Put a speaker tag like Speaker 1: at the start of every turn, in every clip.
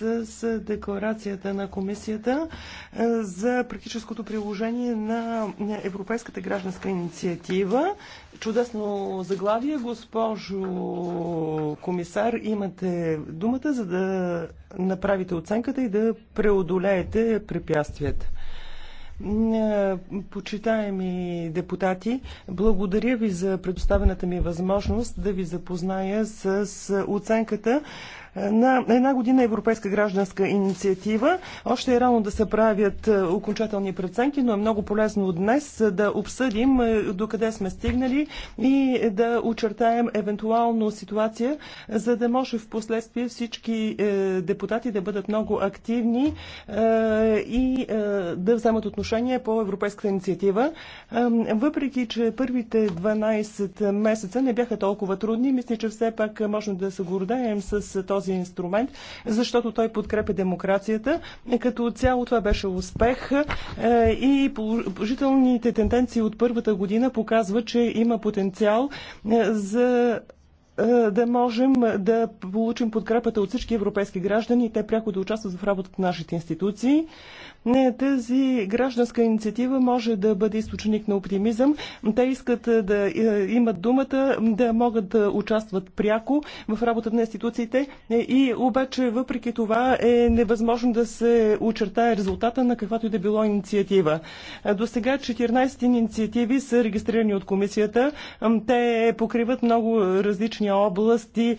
Speaker 1: с декларацията на комисията е, за практическото приложение на Европейската гражданска инициатива. Чудесно заглавие. Госпожо комисар, имате думата, за да направите оценката и да преодолеете препятствията. Е, почитаеми депутати, благодаря ви за предоставената ми възможност да ви запозная с оценката на една година Европейска гражданска инициатива. Още е рано да се правят е, окончателни преценки, но е много полезно днес е, да обсъдим е, докъде сме стигнали и да очертаем евентуално ситуация, за да може в последствие всички депутати да бъдат много активни и да вземат отношение по Европейската инициатива. Въпреки, че първите 12 месеца не бяха толкова трудни, мисля, че все пак можем да се гордеем с този този инструмент, защото той подкрепя демокрацията. Като цяло това беше успех е, и положителните тенденции от първата година показват, че има потенциал е, за е, да можем да получим подкрепата от всички европейски граждани и те пряко да участват в работата на нашите институции. Не, тази гражданска инициатива може да бъде източник на оптимизъм. Те искат да имат думата, да могат да участват пряко в работата на институциите е, и обаче въпреки това е невъзможно да се очертае резултата на каквато и да било инициатива. До сега 14 инициативи са регистрирани от комисията. Те покриват много различни области,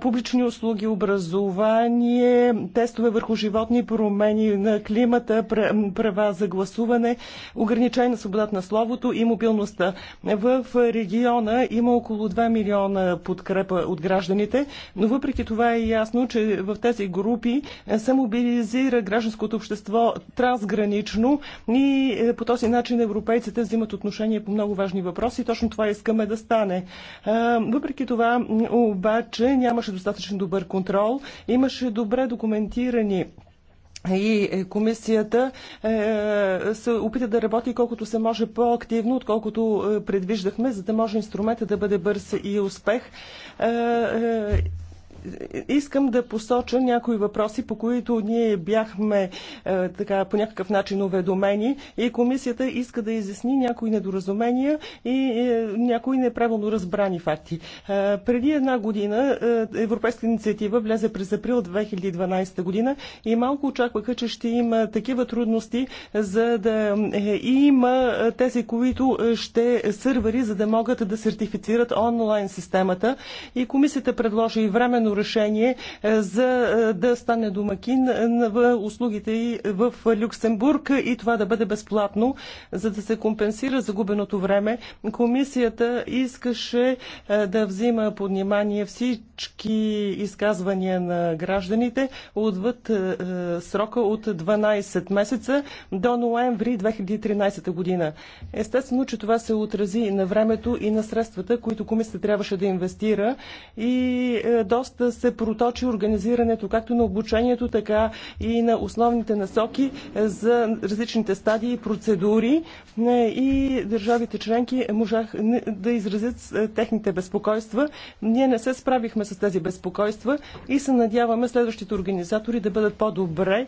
Speaker 1: публични услуги, образование, тестове върху животни, промени на климата, права за гласуване, ограничена свободата на словото и мобилността. В региона има около 2 милиона подкрепа от гражданите, но въпреки това е ясно, че в тези групи се мобилизира гражданското общество трансгранично и е, по този начин европейците взимат отношение по много важни въпроси. Точно това искаме да стане. Е, въпреки това, обаче, нямаше достатъчно добър контрол. Имаше добре документирани и е, комисията е, се опита да работи колкото се може по-активно, отколкото е, предвиждахме, за да може инструмента да бъде бърз и успех искам да посоча някои въпроси, по които ние бяхме е, така, по някакъв начин уведомени и комисията иска да изясни някои недоразумения и е, някои неправилно разбрани факти. Е, преди една година е, Европейска инициатива влезе през април 2012 година и малко очакваха, че ще има такива трудности, за да е, има е, тези, които е, ще сървъри, за да могат да сертифицират онлайн системата. И комисията предложи и временно колективно решение, е, за е, да стане домакин в услугите в Люксембург и това да бъде безплатно, за да се компенсира загубеното време. Комисията искаше е, да взима под внимание всички всички изказвания на гражданите отвъд е, е, срока от 12 месеца до ноември 2013 година. Естествено, че това се отрази на времето и на средствата, които комисията трябваше да инвестира и е, доста се проточи организирането както на обучението, така и на основните насоки за различните стадии и процедури и държавите членки можах да изразят техните безпокойства. Ние не се справихме с тези безпокойства и се надяваме следващите организатори да бъдат по-добре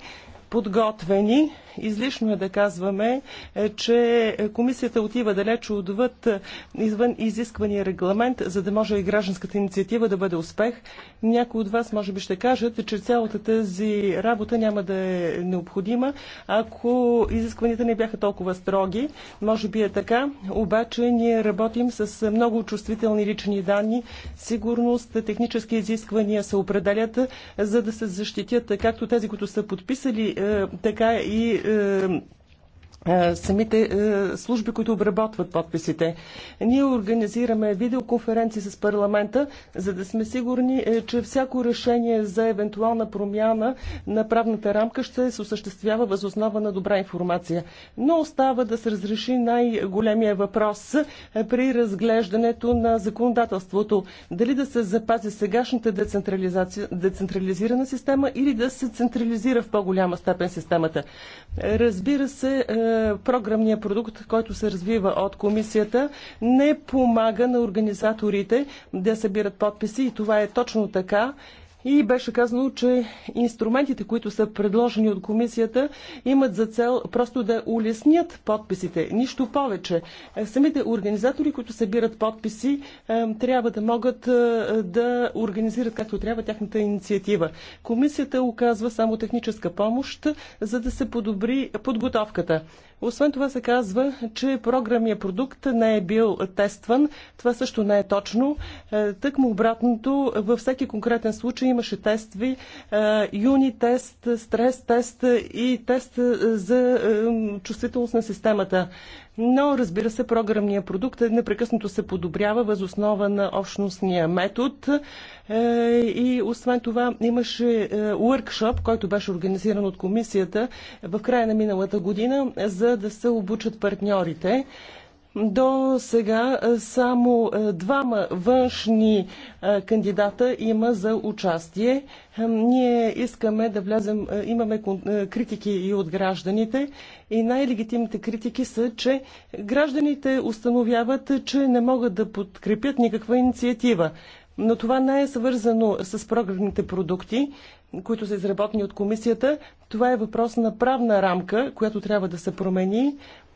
Speaker 1: подготвени. Излишно е да казваме, е, че комисията отива далече отвъд е, извън изисквания регламент, за да може и гражданската инициатива да бъде успех. Някои от вас може би ще кажат, че цялата тази работа няма да е необходима, ако изискванията не бяха толкова строги. Може би е така, обаче ние работим с много чувствителни лични данни. Сигурност, технически изисквания се определят, за да се защитят е, както тези, които са подписали е, така и е, самите служби, които обработват подписите. Ние организираме видеоконференции с парламента, за да сме сигурни, е, че всяко решение за евентуална промяна на правната рамка ще се осъществява въз основа на добра информация. Но остава да се разреши най-големия въпрос е, при разглеждането на законодателството. Дали да се запази сегашната децентрализирана система или да се централизира в по-голяма степен системата. Разбира се, е, програмния продукт, който се развива от комисията, не помага на организаторите да събират подписи и това е точно така. И беше казано, че инструментите, които са предложени от комисията, имат за цел просто да улеснят подписите. Нищо повече. Е, самите организатори, които събират подписи, е, трябва да могат е, да организират както трябва тяхната инициатива. Комисията оказва само техническа помощ, за да се подобри подготовката. Освен това се казва, че програмният продукт не е бил тестван. Това също не е точно. Е, тъкмо обратното, във всеки конкретен случай имаше тестви, е, юни тест, стрес тест и тест за е, чувствителност на системата но разбира се, програмния продукт непрекъснато се подобрява въз основа на общностния метод. Е, и освен това имаше уркшоп, е, който беше организиран от комисията в края на миналата година, за да се обучат партньорите. До сега е, само е, двама външни е, кандидата има за участие. Ние искаме да влезем, имаме критики и от гражданите и най-легитимните критики са, че гражданите установяват, че не могат да подкрепят никаква инициатива. Но това не е свързано с програмните продукти, които са изработени от комисията. Това е въпрос на правна рамка, която трябва да се промени.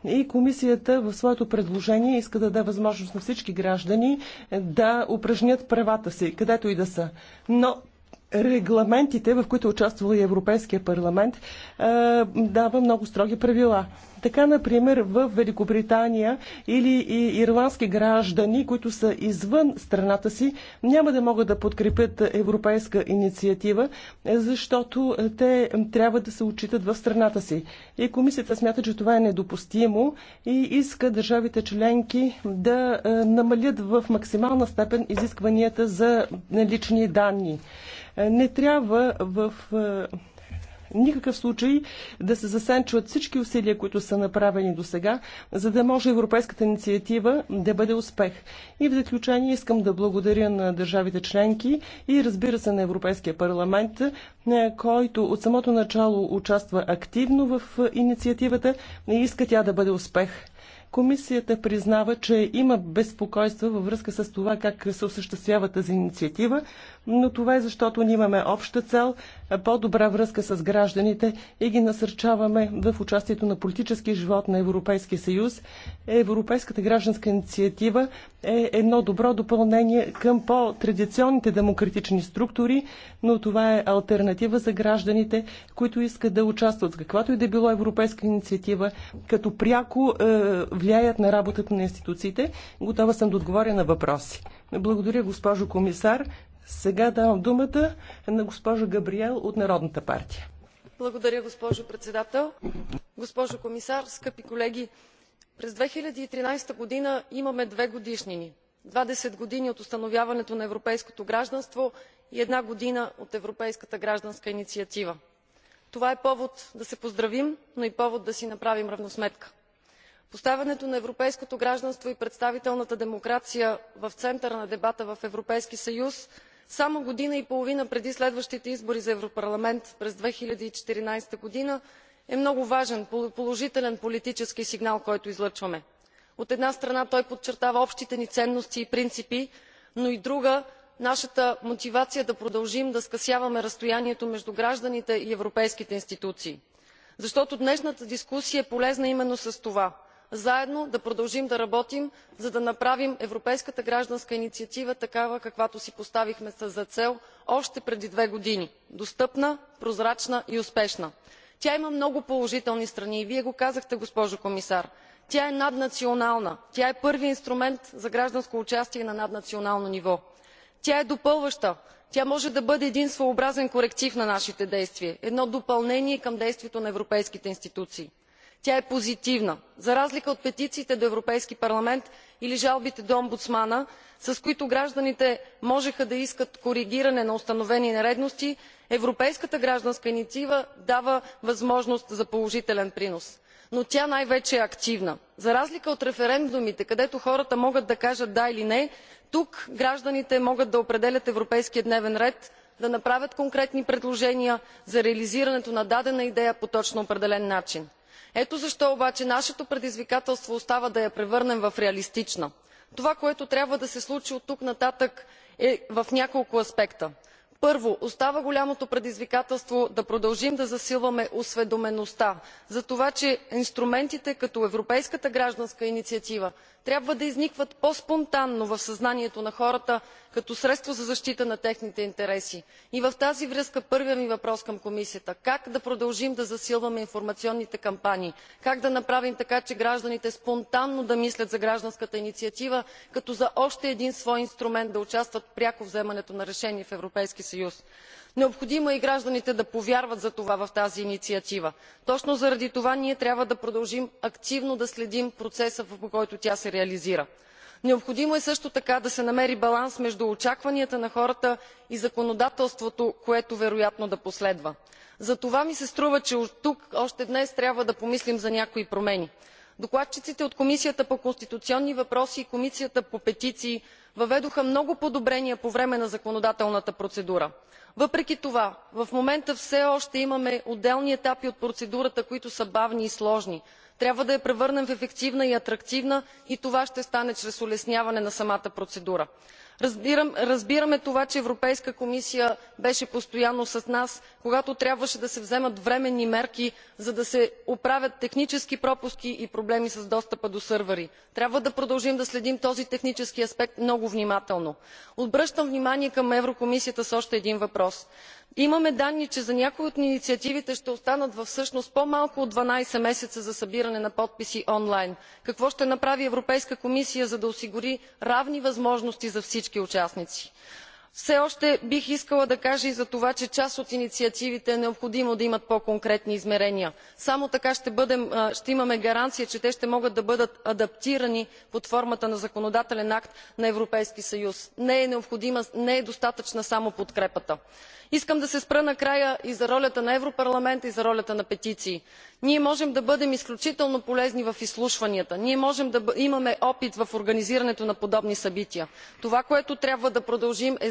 Speaker 1: И комисията в своето предложение иска да даде възможност на всички граждани да упражнят правата си, където и да са. Но регламентите, в които е участвала и Европейския парламент, е, дава много строги правила. Така, например, в Великобритания или и ирландски граждани, които са извън страната си, няма да могат да подкрепят европейска инициатива, защото те трябва да се отчитат в страната си. И комисията смята, че това е недопустимо и иска държавите членки да е, намалят в максимална степен изискванията за лични данни. Не трябва в никакъв случай да се засенчват всички усилия, които са направени до сега, за да може европейската инициатива да бъде успех. И в заключение искам да благодаря на държавите членки и разбира се на Европейския парламент, който от самото начало участва активно в инициативата и иска тя да бъде успех. Комисията признава, че има безпокойства във връзка с това как се осъществява тази инициатива, но това е защото ние имаме обща цел, по-добра връзка с гражданите и ги насърчаваме в участието на политическия живот на Европейския съюз. Европейската гражданска инициатива е едно добро допълнение към по-традиционните демократични структури, но това е альтернатива за гражданите, които искат да участват в каквато и да било европейска инициатива, като пряко е, влияят на работата на институциите. Готова съм да отговоря на въпроси. Благодаря, госпожо комисар. Сега давам думата на госпожа Габриел от Народната партия.
Speaker 2: Благодаря, госпожо председател. Госпожо комисар, скъпи колеги! През 2013 година имаме две годишнини. 20 години от установяването на европейското гражданство и една година от Европейската гражданска инициатива. Това е повод да се поздравим, но и повод да си направим равносметка. Поставянето на европейското гражданство и представителната демокрация в центъра на дебата в Европейския съюз само година и половина преди следващите избори за европарламент през две хиляди и четиринадесета г. е много важен положителен политически сигнал който излъчваме. от една страна той подчертава общите ни ценности и принципи но от друга нашата мотивация да продължим да скъсяваме разстоянието между гражданите и европейските институции. защото днешната дискусия е полезна именно с това заедно да продължим да работим за да направим европейската гражданска инициатива такава каквато си поставихме за цел още преди две години достъпна прозрачна и успешна. тя има много положителни страни и вие го казахте госпожо комисар. тя е наднационална тя е първият инструмент за гражданско участие на наднационално ниво. тя е допълваща тя може да бъде един своеобразен коректив на нашите действия едно допълнение към действието на европейските институции тя е позитивна за разлика от петициите до европейския парламент или жалбите до омбудсмана с които гражданите можеха да искат коригиране на установени нередности европейската гражданска инициатива дава възможност за положителен принос но тя най вече е активна. за разлика от референдумите където хората могат да кажат да или не тук гражданите могат да определят европейския дневен ред да направят конкретни предложения за реализирането на дадена идея по точно определен начин ето защо обаче нашето предизвикателство остава да я превърнем в реалистична. това което трябва да се случи оттук нататък е в няколко аспекта първо остава голямото предизвикателство да продължим да засилваме осведомеността за това че инструментите като европейската гражданска инициатива трябва да изникват по спонтанно в съзнанието на хората като средство за защита на техните интереси. и в тази връзка първият ми въпрос към комисията е как да продължим да засилваме информационните кампании как да направим така че гражданите спонтанно да мислят за гражданската инициатива като за още един свой инструмент да участват пряко във вземането на решения в европейския съюз? съюз. необходимо е и гражданите да повярват за това в тази инициатива. точно заради това ние трябва да продължим активно да следим процеса по който тя се реализира. необходимо е също така да се намери баланс между очакванията на хората и законодателството което вероятно да последва. затова ми се струва че тук още днес трябва да помислим за някои промени докладчиците от комисията по конституционни въпроси и комисията по петиции въведоха много подобрения по време на законодателната процедура. въпреки това в момента все още имаме отделни етапи от процедурата които са бавни и сложни. трябва да я превърнем в ефективна и атрактивна и това ще стане чрез улесняване на самата процедура разбираме това че европейската комисия беше постоянно с нас когато трябваше да се вземат временни мерки за да се оправят технически пропуски и проблеми с достъпа до сървъри. трябва да продължим да следим този технически аспект много внимателно. обръщам внимание към еврокомисията с още един въпрос имаме данни че за някои от инициативите ще останат всъщност по малко от дванадесет месеца за събиране на подписи онлайн. какво ще направи европейската комисия за да осигури равни възможности за всички участници? все още бих искала да кажа и за това че част от инициативите е необходимо да имат по конкретни измерения. само така ще имаме гаранция че те ще могат да бъдат адаптирани под формата на законодателен акт на европейския съюз. Е не е достатъчна само подкрепата. искам да се спра накрая и за ролята на европарламента и за ролята на петициите. ние можем да бъдем изключително полезни в изслушванията ние можем да имаме опит в организирането на подобни събития. това което трябва да продължим е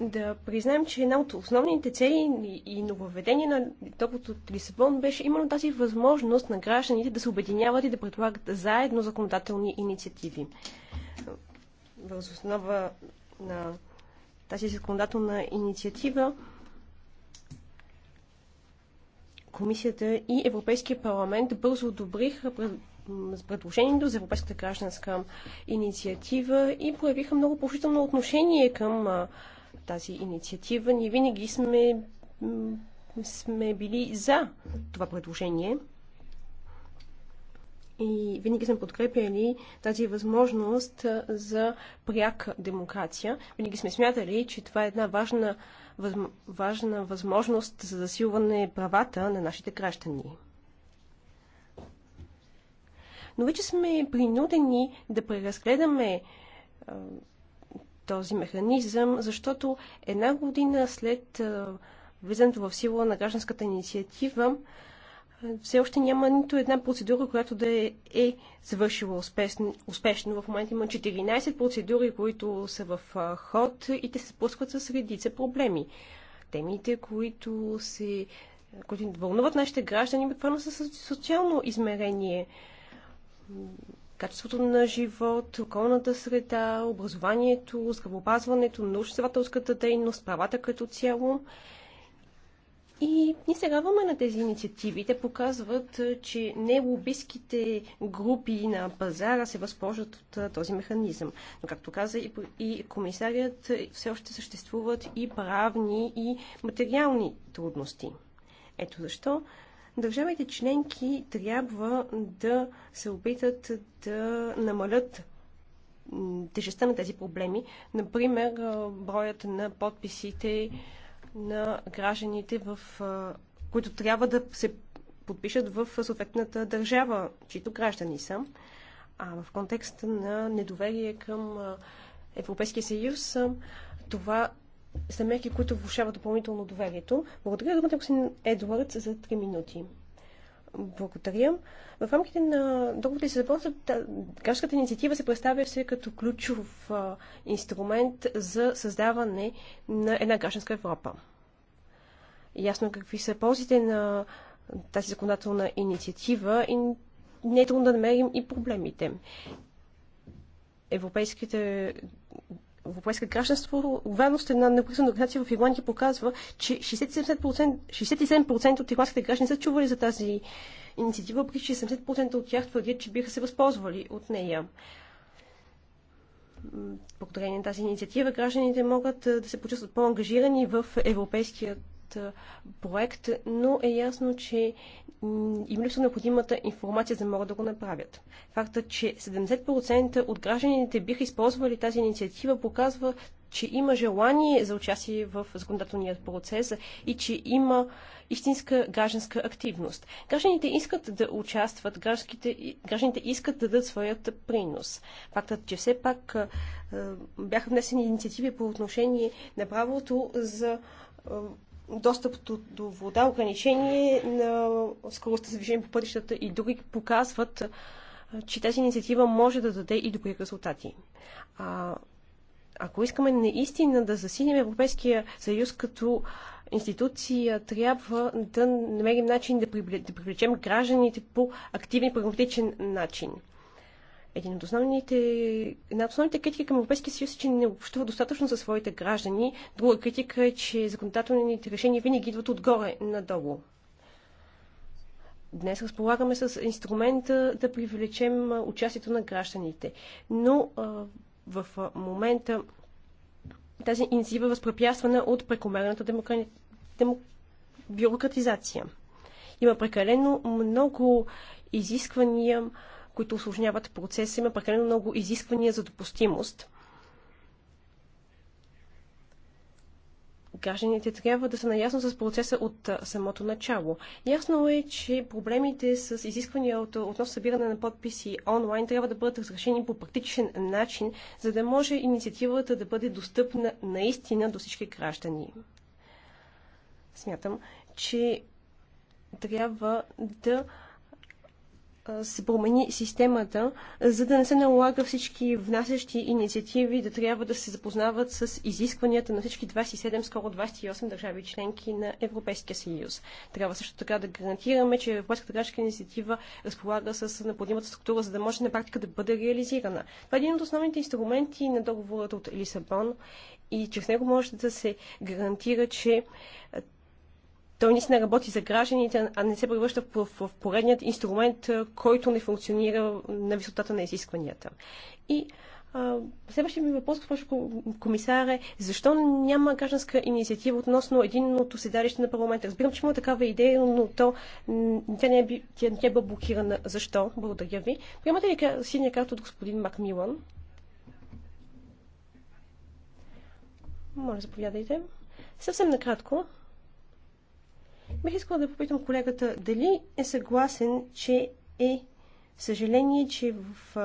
Speaker 3: да признаем, че една от основните цели и нововведения на договорът от Лисабон беше именно тази възможност на гражданите да се обединяват и да предлагат заедно законодателни инициативи. Въз основа на тази законодателна инициатива Комисията и Европейския парламент бързо одобриха предложението за Европейската гражданска инициатива и проявиха много положително отношение към тази инициатива. Ние винаги сме, сме били за това предложение. И винаги сме подкрепяли тази възможност за пряка демокрация. Винаги сме смятали, че това е една важна, важна възможност за засилване правата на нашите граждани. Но вече сме принудени да преразгледаме този механизъм, защото една година след влизането в сила на гражданската инициатива, все още няма нито една процедура, която да е, е завършила успешно, успешно. В момента има 14 процедури, които са в ход и те се спускат с редица проблеми. Темите, които се които вълнуват нашите граждани, буквално са социално измерение качеството на живот, околната среда, образованието, здравеопазването, научно-изследователската дейност, правата като цяло. И ни се радваме на тези инициативи. Те показват, че не лобистските групи на пазара се възползват от този механизъм. Но, както каза и комисарият, все още съществуват и правни, и материални трудности. Ето защо държавите членки трябва да се опитат да намалят тежестта на тези проблеми. Например, броят на подписите на гражданите, в, които трябва да се подпишат в съответната държава, чието граждани са. А в контекста на недоверие към Европейския съюз, това са мерки, които влушават допълнително доверието. Благодаря думата, господин Едвардс, за 3 минути. Благодаря. В рамките на договорите за Лисабон гражданската инициатива се представя все като ключов а, инструмент за създаване на една гражданска Европа. Ясно е какви са ползите на тази законодателна инициатива и не е трудно да намерим и проблемите. Европейските европейска гражданство, вярност е на неправителствена организация в Ирландия показва, че 67%, 67% от ирландските граждани са чували за тази инициатива, въпреки че 70% от тях твърдят, че биха се възползвали от нея. Благодарение на тази инициатива гражданите могат да се почувстват по-ангажирани в Европейския проект, но е ясно, че им липсва необходимата информация, за да могат да го направят. Факта, че 70% от гражданите биха използвали тази инициатива, показва, че има желание за участие в законодателния процес и че има истинска гражданска активност. Гражданите искат да участват, гражданите искат да дадат своят принос. Фактът, че все пак бяха внесени инициативи по отношение на правото за достъп до, до вода, ограничение на скоростта за движение по пътищата и други показват, че тази инициатива може да даде и добри резултати. А, ако искаме наистина да засилим Европейския съюз като институция, трябва да намерим начин да, да привлечем гражданите по активен и прагматичен начин. Един от основните, една от основните критики към Европейския съюз е, че не общува достатъчно за своите граждани. Друга критика е, че законодателните решения винаги идват отгоре надолу. Днес разполагаме с инструмента да привлечем участието на гражданите. Но в момента тази инициатива е възпрепятствана от прекомерната демокра... дем... бюрократизация. Има прекалено много изисквания които осложняват процеса. Има прекалено много изисквания за допустимост. гражданите трябва да са наясно с процеса от самото начало. Ясно е, че проблемите с изисквания от, относно събиране на подписи онлайн трябва да бъдат разрешени по практичен начин, за да може инициативата да бъде достъпна наистина до всички граждани. Смятам, че трябва да се промени системата, за да не се налага всички внасящи инициативи да трябва да се запознават с изискванията на всички 27, скоро 28 държави членки на Европейския съюз. Трябва също така да гарантираме, че Европейската гражданска инициатива разполага с необходимата структура, за да може на практика да бъде реализирана. Това е един от основните инструменти на договорът от Лисабон и чрез него може да се гарантира, че той наистина работи за гражданите, а не се превръща в, в поредният инструмент, който не функционира на висотата на изискванията. И Следващия ми въпрос, госпожо комисар, е защо няма гражданска инициатива относно единното седалище на парламента? Разбирам, че има такава идея, но то, тя не е, би, тя, не е блокирана. Защо? Благодаря ви. Приемате ли синия карта от господин Макмилан? Моля, заповядайте. Съвсем накратко. Бих искала да попитам колегата дали е съгласен, че е съжаление, че в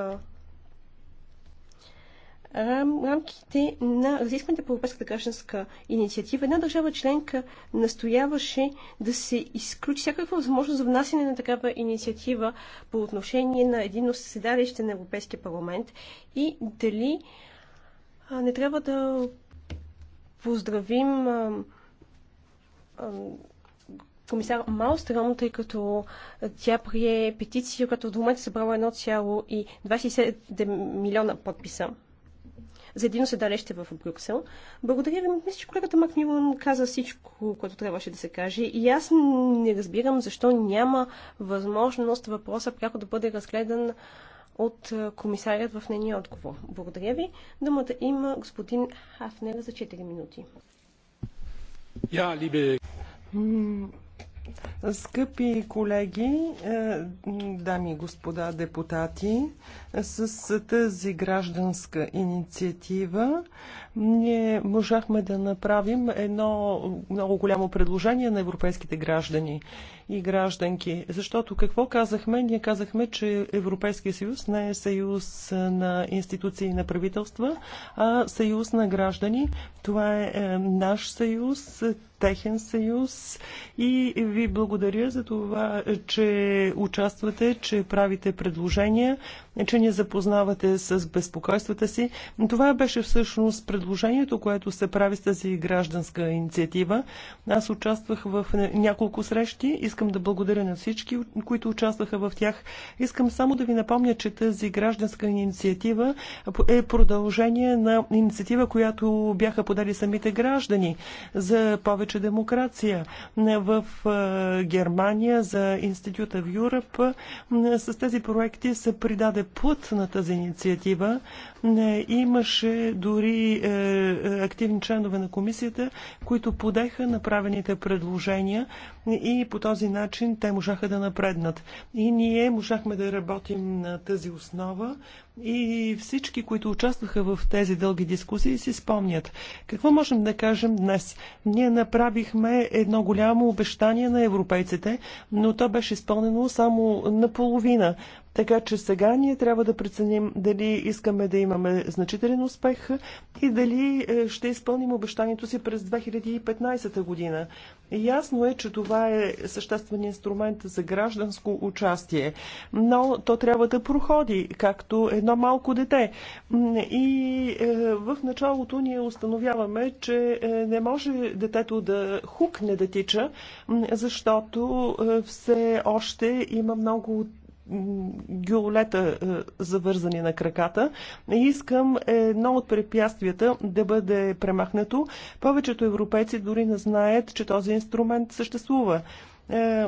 Speaker 3: рамките на разискването по Европейската гражданска инициатива една държава членка настояваше да се изключи всякаква възможност за внасяне на такава инициатива по отношение на едино съседалище на Европейския парламент и дали не трябва да поздравим комисар Малстрам, тъй като тя прие петиция, която до момента събрала 1,27 милиона подписа за едино седалище в Брюксел. Благодаря ви. Мисля, че колегата Макмилан каза всичко, което трябваше да се каже. И аз не разбирам защо няма възможност въпроса пряко да бъде разгледан от комисарят в нейния отговор. Благодаря ви. Думата има господин Хафнер за 4 минути. Я, либе. Скъпи
Speaker 1: колеги, е, дами и господа депутати, с тази гражданска инициатива ние можахме да направим едно много голямо предложение на европейските граждани и гражданки. Защото какво казахме? Ние казахме, че Европейския съюз не е съюз на институции и на правителства, а съюз на граждани. Това е, е наш съюз, техен съюз и ви благодаря за това, че участвате, че правите предложения че ни запознавате с безпокойствата си. Това беше всъщност предложението, което се прави с тази гражданска инициатива. Аз участвах в няколко срещи. Искам да благодаря на всички, които участваха в тях. Искам само да ви напомня, че тази гражданска инициатива е продължение на инициатива, която бяха подали самите граждани за повече демокрация в Германия, за Института в Юръп. С тези проекти се придаде Път на тази инициатива. Не, имаше дори е, активни членове на комисията, които подеха направените предложения и по този начин те можаха да напреднат. И ние можахме да работим на тази основа и всички, които участваха в тези дълги дискусии, си спомнят. Какво можем да кажем днес? Ние направихме едно голямо обещание на европейците, но то беше изпълнено само наполовина. Така че сега ние трябва да преценим дали искаме да имаме значителен успех и дали е, ще изпълним обещанието си през 2015 година. Ясно е, че това е съществен инструмент за гражданско участие, но то трябва да проходи, както едно малко дете. И е, в началото ние установяваме, че е, не може детето да хукне да тича, защото е, все още има много гиолета е, завързани на краката. Искам едно от препятствията да бъде премахнато. Повечето европейци дори не знаят, че този инструмент съществува е,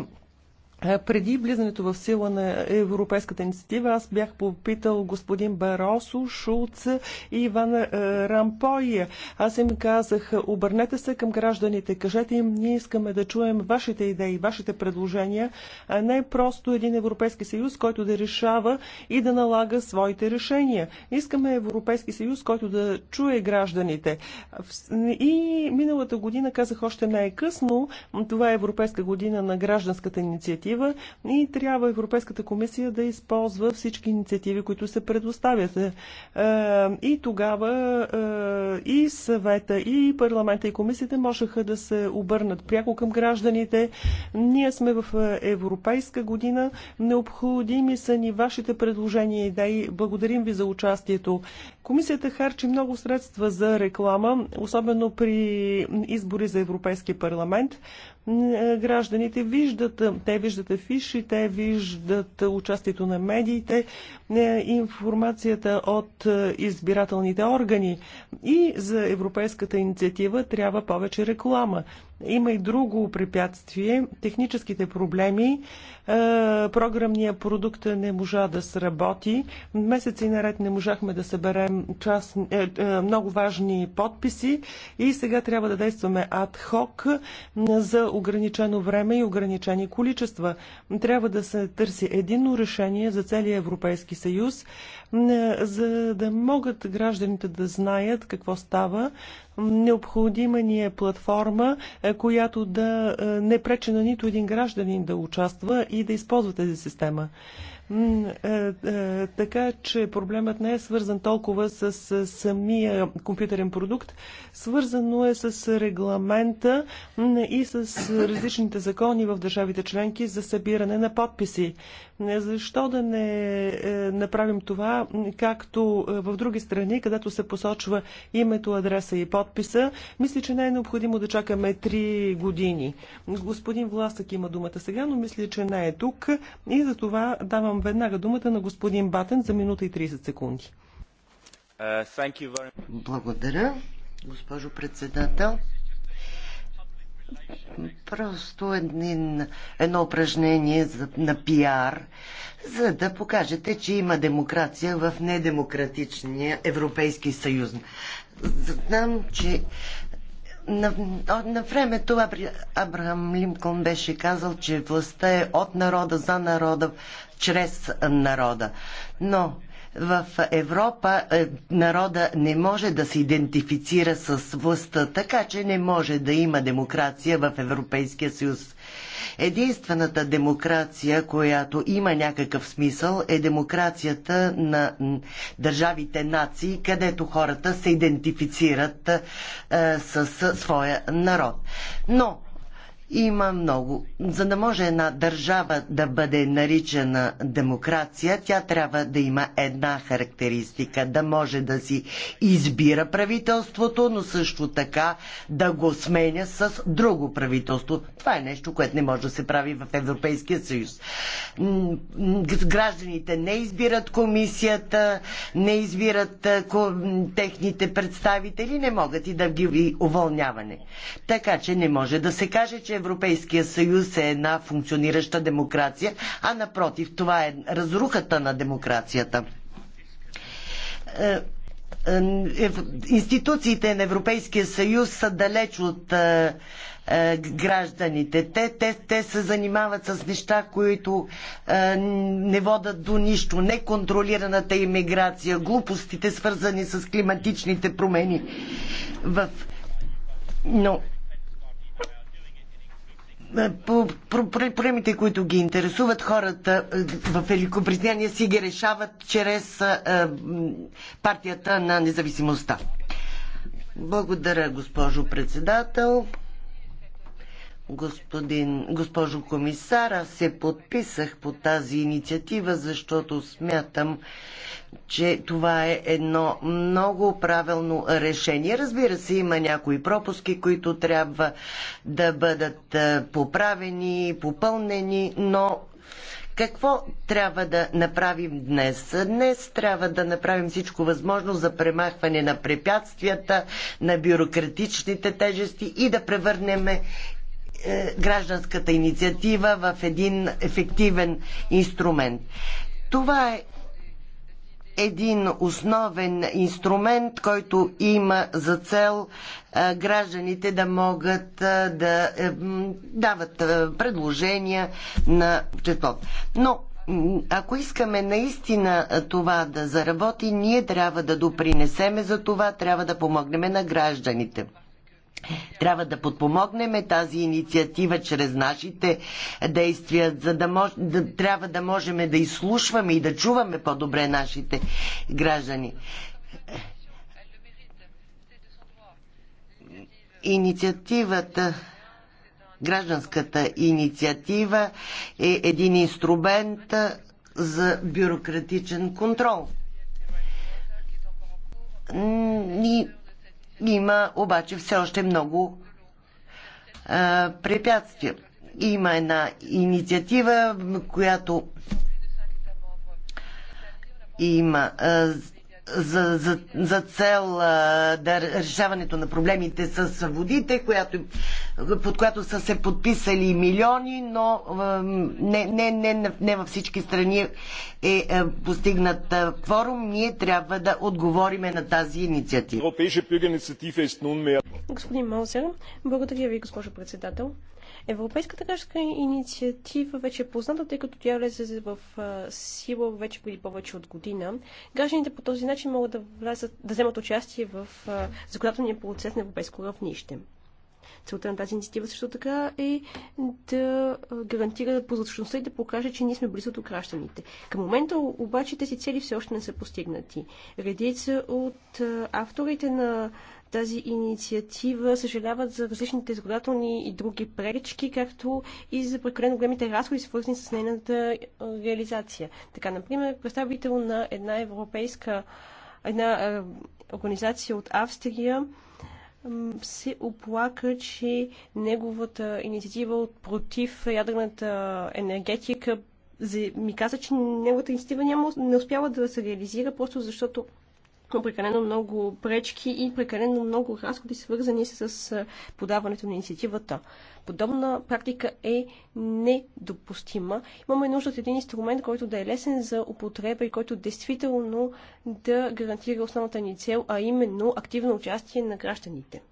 Speaker 1: преди влизането в сила на Европейската инициатива, аз бях попитал господин Баросо, Шулц и Иван Рампой. Аз им казах, обърнете се към гражданите, кажете им, ние искаме да чуем вашите идеи, вашите предложения, а не просто един Европейски съюз, който да решава и да налага своите решения. Искаме Европейски съюз, който да чуе гражданите. И миналата година казах, още не е късно, това е Европейска година на гражданската инициатива инициатива и трябва Европейската комисия да използва всички инициативи, които се предоставят. Е, и тогава е, и съвета, и парламента, и комисията можеха да се обърнат пряко към гражданите. Ние сме в Европейска година. Необходими са ни вашите предложения и идеи. Благодарим ви за участието. Комисията харчи много средства за реклама, особено при избори за Европейски парламент. Е, гражданите виждат, е, те виждат афиши, те виждат е, участието на медиите, информацията от избирателните органи. И за Европейската инициатива трябва повече реклама. Има и друго препятствие техническите проблеми. Е, Програмния продукт не можа да сработи. Месеци наред не можахме да съберем част, е, е, много важни подписи и сега трябва да действаме ад-хок за ограничено време и ограничени количества. Трябва да се търси едино решение за целия Европейски съюз, за да могат гражданите да знаят какво става, Необходима ни е платформа, е, която да е, не пречи на нито един гражданин да участва и да използва тази система. Е, е, така че проблемът не е свързан толкова с самия компютърен продукт, свързано е с регламента и с различните закони в държавите членки за събиране на подписи. Защо да не е, направим това, както в други страни, където се посочва името, адреса и подписа? Мисля, че не е необходимо да чакаме 3 години. Господин Власък има думата сега, но мисля, че не е тук и за това давам давам веднага думата на господин Батен за минута и 30 секунди.
Speaker 4: Uh, Благодаря, госпожо председател. Просто един, едно упражнение за, на пиар, за да покажете, че има демокрация в недемократичния Европейски съюз. Знам, че на, на времето Абри, Абрахам Линкълн беше казал, че властта е от народа, за народа, чрез народа. Но в Европа е, народа не може да се идентифицира с властта, така че не може да има демокрация в Европейския съюз. Единствената демокрация, която има някакъв смисъл, е демокрацията на държавите нации, където хората се идентифицират е, с своя народ. Но има много. За да може една държава да бъде наричана демокрация, тя трябва да има една характеристика. Да може да си избира правителството, но също така да го сменя с друго правителство. Това е нещо, което не може да се прави в Европейския съюз. Гражданите не избират комисията, не избират техните представители, не могат и да ги уволняване. Така че не може да се каже, че Европейския съюз е една функционираща демокрация, а напротив, това е разрухата на демокрацията е, е, институциите на Европейския съюз са далеч от е, гражданите. Те, те, те се занимават с неща, които е, не водат до нищо. Неконтролираната иммиграция, глупостите свързани с климатичните промени. В... Но е, по проблемите, които ги интересуват хората е, в Великобритания си ги решават чрез е, партията на независимостта. Благодаря, госпожо председател. Господин, госпожо комисар, аз се подписах по тази инициатива, защото смятам, че това е едно много правилно решение. Разбира се, има някои пропуски, които трябва да бъдат поправени, попълнени, но какво трябва да направим днес? Днес трябва да направим всичко възможно за премахване на препятствията, на бюрократичните тежести и да превърнем е, гражданската инициатива в един ефективен инструмент. Това е един основен инструмент, който има за цел е, гражданите да могат е, да дават предложения на обществото. Но ако искаме наистина това да заработи, ние трябва да допринесеме за това, трябва да помогнем на гражданите. Трябва да подпомогнем тази инициатива чрез нашите действия, за да, мож, да трябва да можем да изслушваме и да чуваме по-добре нашите граждани. Инициативата гражданската инициатива е един инструмент за бюрократичен контрол. Ни има обаче все още много а, препятствия. Има една инициатива, която има а, за, за, за цел а, да решаването на проблемите с водите, която, под която са се подписали милиони, но а, не, не, не, не във всички страни е а, е постигнат а, кворум. Ние трябва да отговориме на тази инициатива. Е
Speaker 3: Господин Маузер, благодаря ви, госпожо председател. Европейската гражданска инициатива вече е позната, тъй като тя влезе в сила вече преди повече от година. Гражданите по този начин могат да, влязат, да вземат участие в законодателния процес на европейско равнище. Целта на тази инициатива също така е да гарантира прозрачността и да покаже, че ние сме близо до гражданите. Към момента обаче тези цели все още не са постигнати. Редица от авторите на тази инициатива съжаляват за различните законодателни и други пречки, както и за прекалено големите разходи, свързани с нейната реализация. Така, например, представител на една европейска една организация от Австрия се оплака, че неговата инициатива против ядрената енергетика ми каза, че неговата инициатива няма, не успява да се реализира, просто защото прекалено много пречки и прекалено много разходи, свързани с подаването на инициативата. Подобна практика е недопустима. Имаме нужда от един инструмент, който да е лесен за употреба и който действително да гарантира основната ни цел, а именно активно участие на гражданите.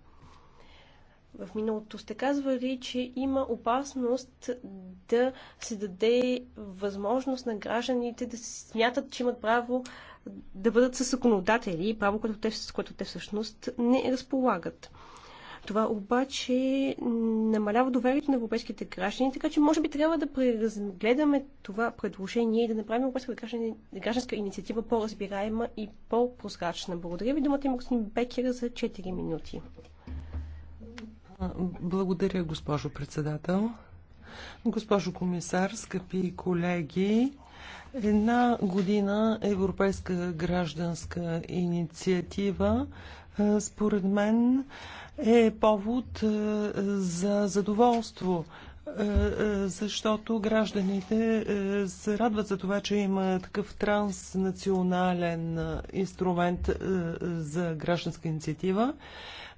Speaker 3: В миналото сте казвали, че има опасност да се даде възможност на гражданите да смятат, че имат право да бъдат със законодатели, право, което те, с което те всъщност не разполагат. Това обаче намалява доверието на европейските граждани, така че може би трябва да преразгледаме това предложение и да направим европейската гражданска инициатива по-разбираема и по-прозрачна. Благодаря ви. Думата има господин Бекера за 4 минути.
Speaker 1: Благодаря, госпожо председател. Госпожо комисар, скъпи колеги, Една година Европейска гражданска инициатива е, според мен е повод е, за задоволство е, защото гражданите се радват за това, че има такъв транснационален инструмент за гражданска инициатива.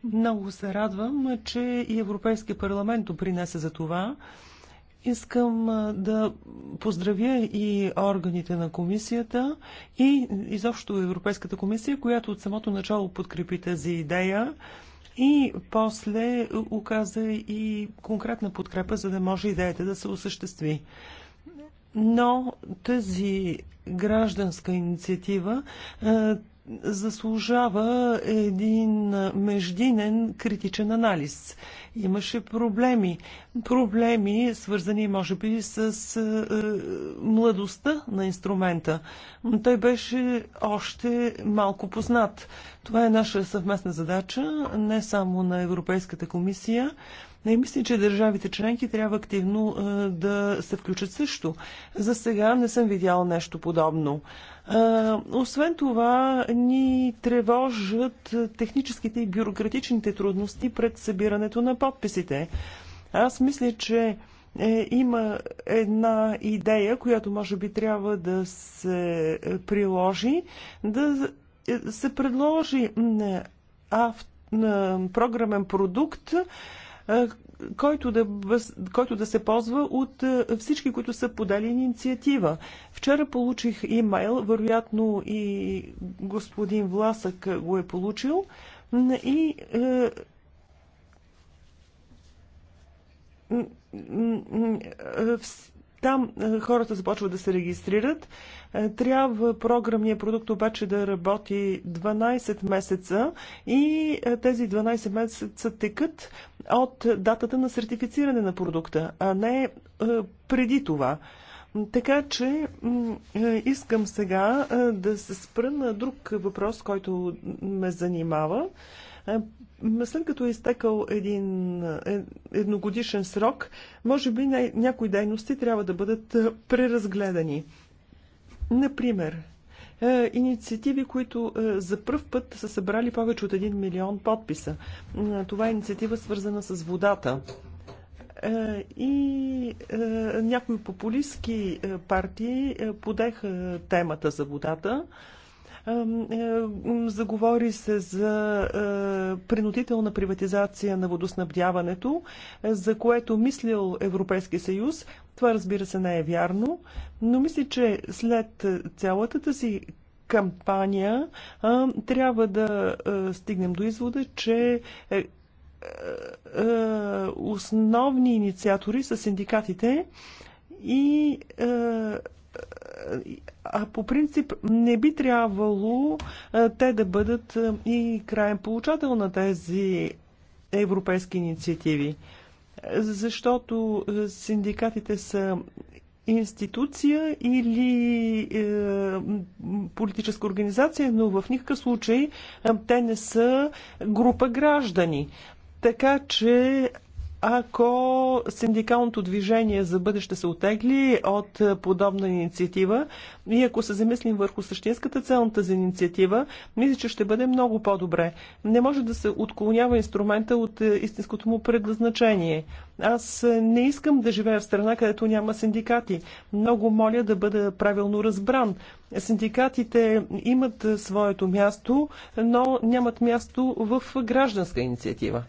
Speaker 1: Много се радвам, че и Европейски парламент допринесе за това. Искам да поздравя и органите на комисията и изобщо Европейската комисия, която от самото начало подкрепи тази идея и после оказа и конкретна подкрепа, за да може идеята да се осъществи. Но тази гражданска инициатива заслужава един междинен критичен анализ имаше проблеми. Проблеми, свързани, може би, с е, е, младостта на инструмента. Той беше още малко познат. Това е наша съвместна задача, не само на Европейската комисия, не мисля, че държавите членки трябва активно да се включат също. За сега не съм видял нещо подобно. Освен това, ни тревожат техническите и бюрократичните трудности пред събирането на подписите. Аз мисля, че е, има една идея, която може би трябва да се е, приложи, да е, се предложи на програмен продукт, който да, който да се ползва от всички, които са подали инициатива. Вчера получих имейл, вероятно и господин Власък го е получил. И е, там е, хората започват да се регистрират. Е, трябва програмния продукт обаче да работи 12 месеца и е, тези 12 месеца текат от датата на сертифициране на продукта, а не преди това. Така че искам сега да се спра на друг въпрос, който ме занимава. След като е изтекал един е, едногодишен срок, може би някои дейности трябва да бъдат е, преразгледани. Например, е, инициативи, които за първ път са събрали повече от 1 милион подписа. Това е инициатива свързана с водата. И някои популистски партии подеха темата за водата. Е, заговори се за е, принудителна приватизация на водоснабдяването, е, за което мислил Европейски съюз. Това разбира се не е вярно, но мисля, че след цялата си кампания трябва да стигнем до извода, че основни инициатори са синдикатите и а по принцип не би трябвало те да бъдат и крайен получател на тези европейски инициативи. Защото синдикатите са институция или е, политическа организация, но в никакъв случай е, те не са група граждани. Така че ако синдикалното движение за бъдеще се отегли от подобна инициатива и ако се замислим върху същинската цел на тази инициатива, мисля, че ще бъде много по-добре. Не може да се отклонява инструмента от е, истинското му предназначение. Аз е, не искам да живея в страна, където няма синдикати. Много моля да бъда правилно разбран. Синдикатите имат е, своето място, но нямат място в гражданска инициатива.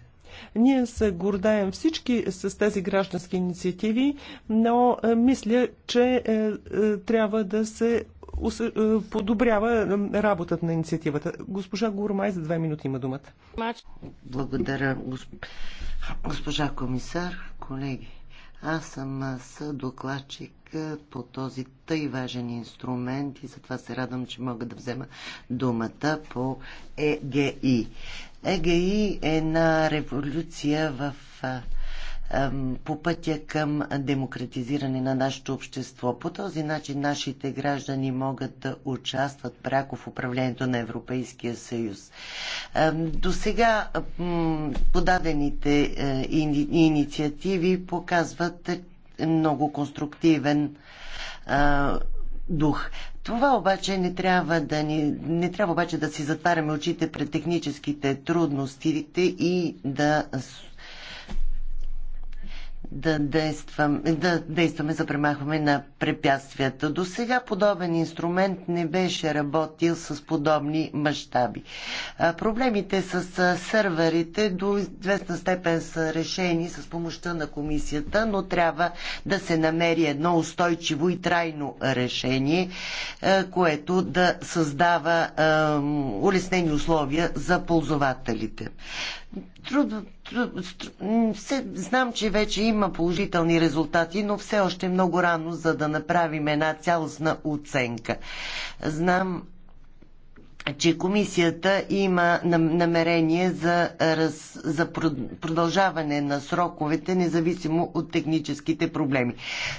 Speaker 1: Ние се гордаем всички с тези граждански инициативи, но е, мисля, че е, е, трябва да се подобрява работата на инициативата.
Speaker 4: Госпожа Гурмай за две минути има думата. Благодаря, госпожа комисар, колеги. Аз съм съдокладчик по този тъй важен инструмент и затова се радвам, че мога да взема думата по ЕГИ. ЕГИ е една революция в, по пътя към демократизиране на нашето общество. По този начин нашите граждани могат да участват пряко в управлението на Европейския съюз. До сега подадените е, инициативи показват е, много конструктивен дух. Това обаче не трябва да ни, не трябва обаче да си затваряме очите пред техническите трудностите и да да, действам, да действаме за премахване на препятствията. До сега подобен инструмент не беше работил с подобни мащаби. Проблемите с серверите до известна степен са решени с помощта на комисията, но трябва да се намери едно устойчиво и трайно решение, което да създава улеснени условия за ползвателите. Трудно, труд, все, знам, че вече има положителни резултати, но все още е много рано, за да направим една цялостна оценка. Знам, че комисията има намерение за, раз, за продължаване на сроковете, независимо от техническите проблеми.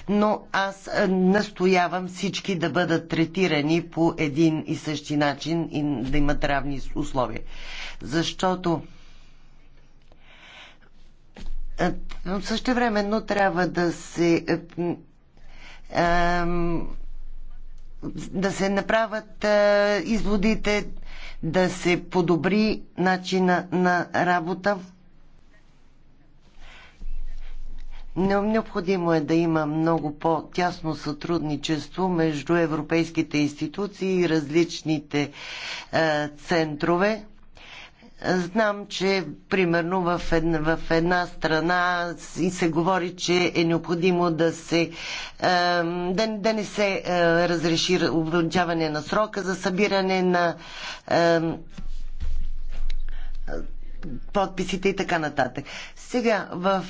Speaker 4: Но аз е, настоявам всички да бъдат третирани по един и същи начин и да имат равни условия. Защото е, но също времено трябва да се е, да се направят е, изводите, да се подобри начина на работа. Необходимо е да има много по-тясно сътрудничество между европейските институции и различните центрове. Знам, че примерно в една, в една страна и се говори, че е необходимо да се да, да не се е, разреши увеличаване на срока за събиране на подписите и така нататък. Сега, в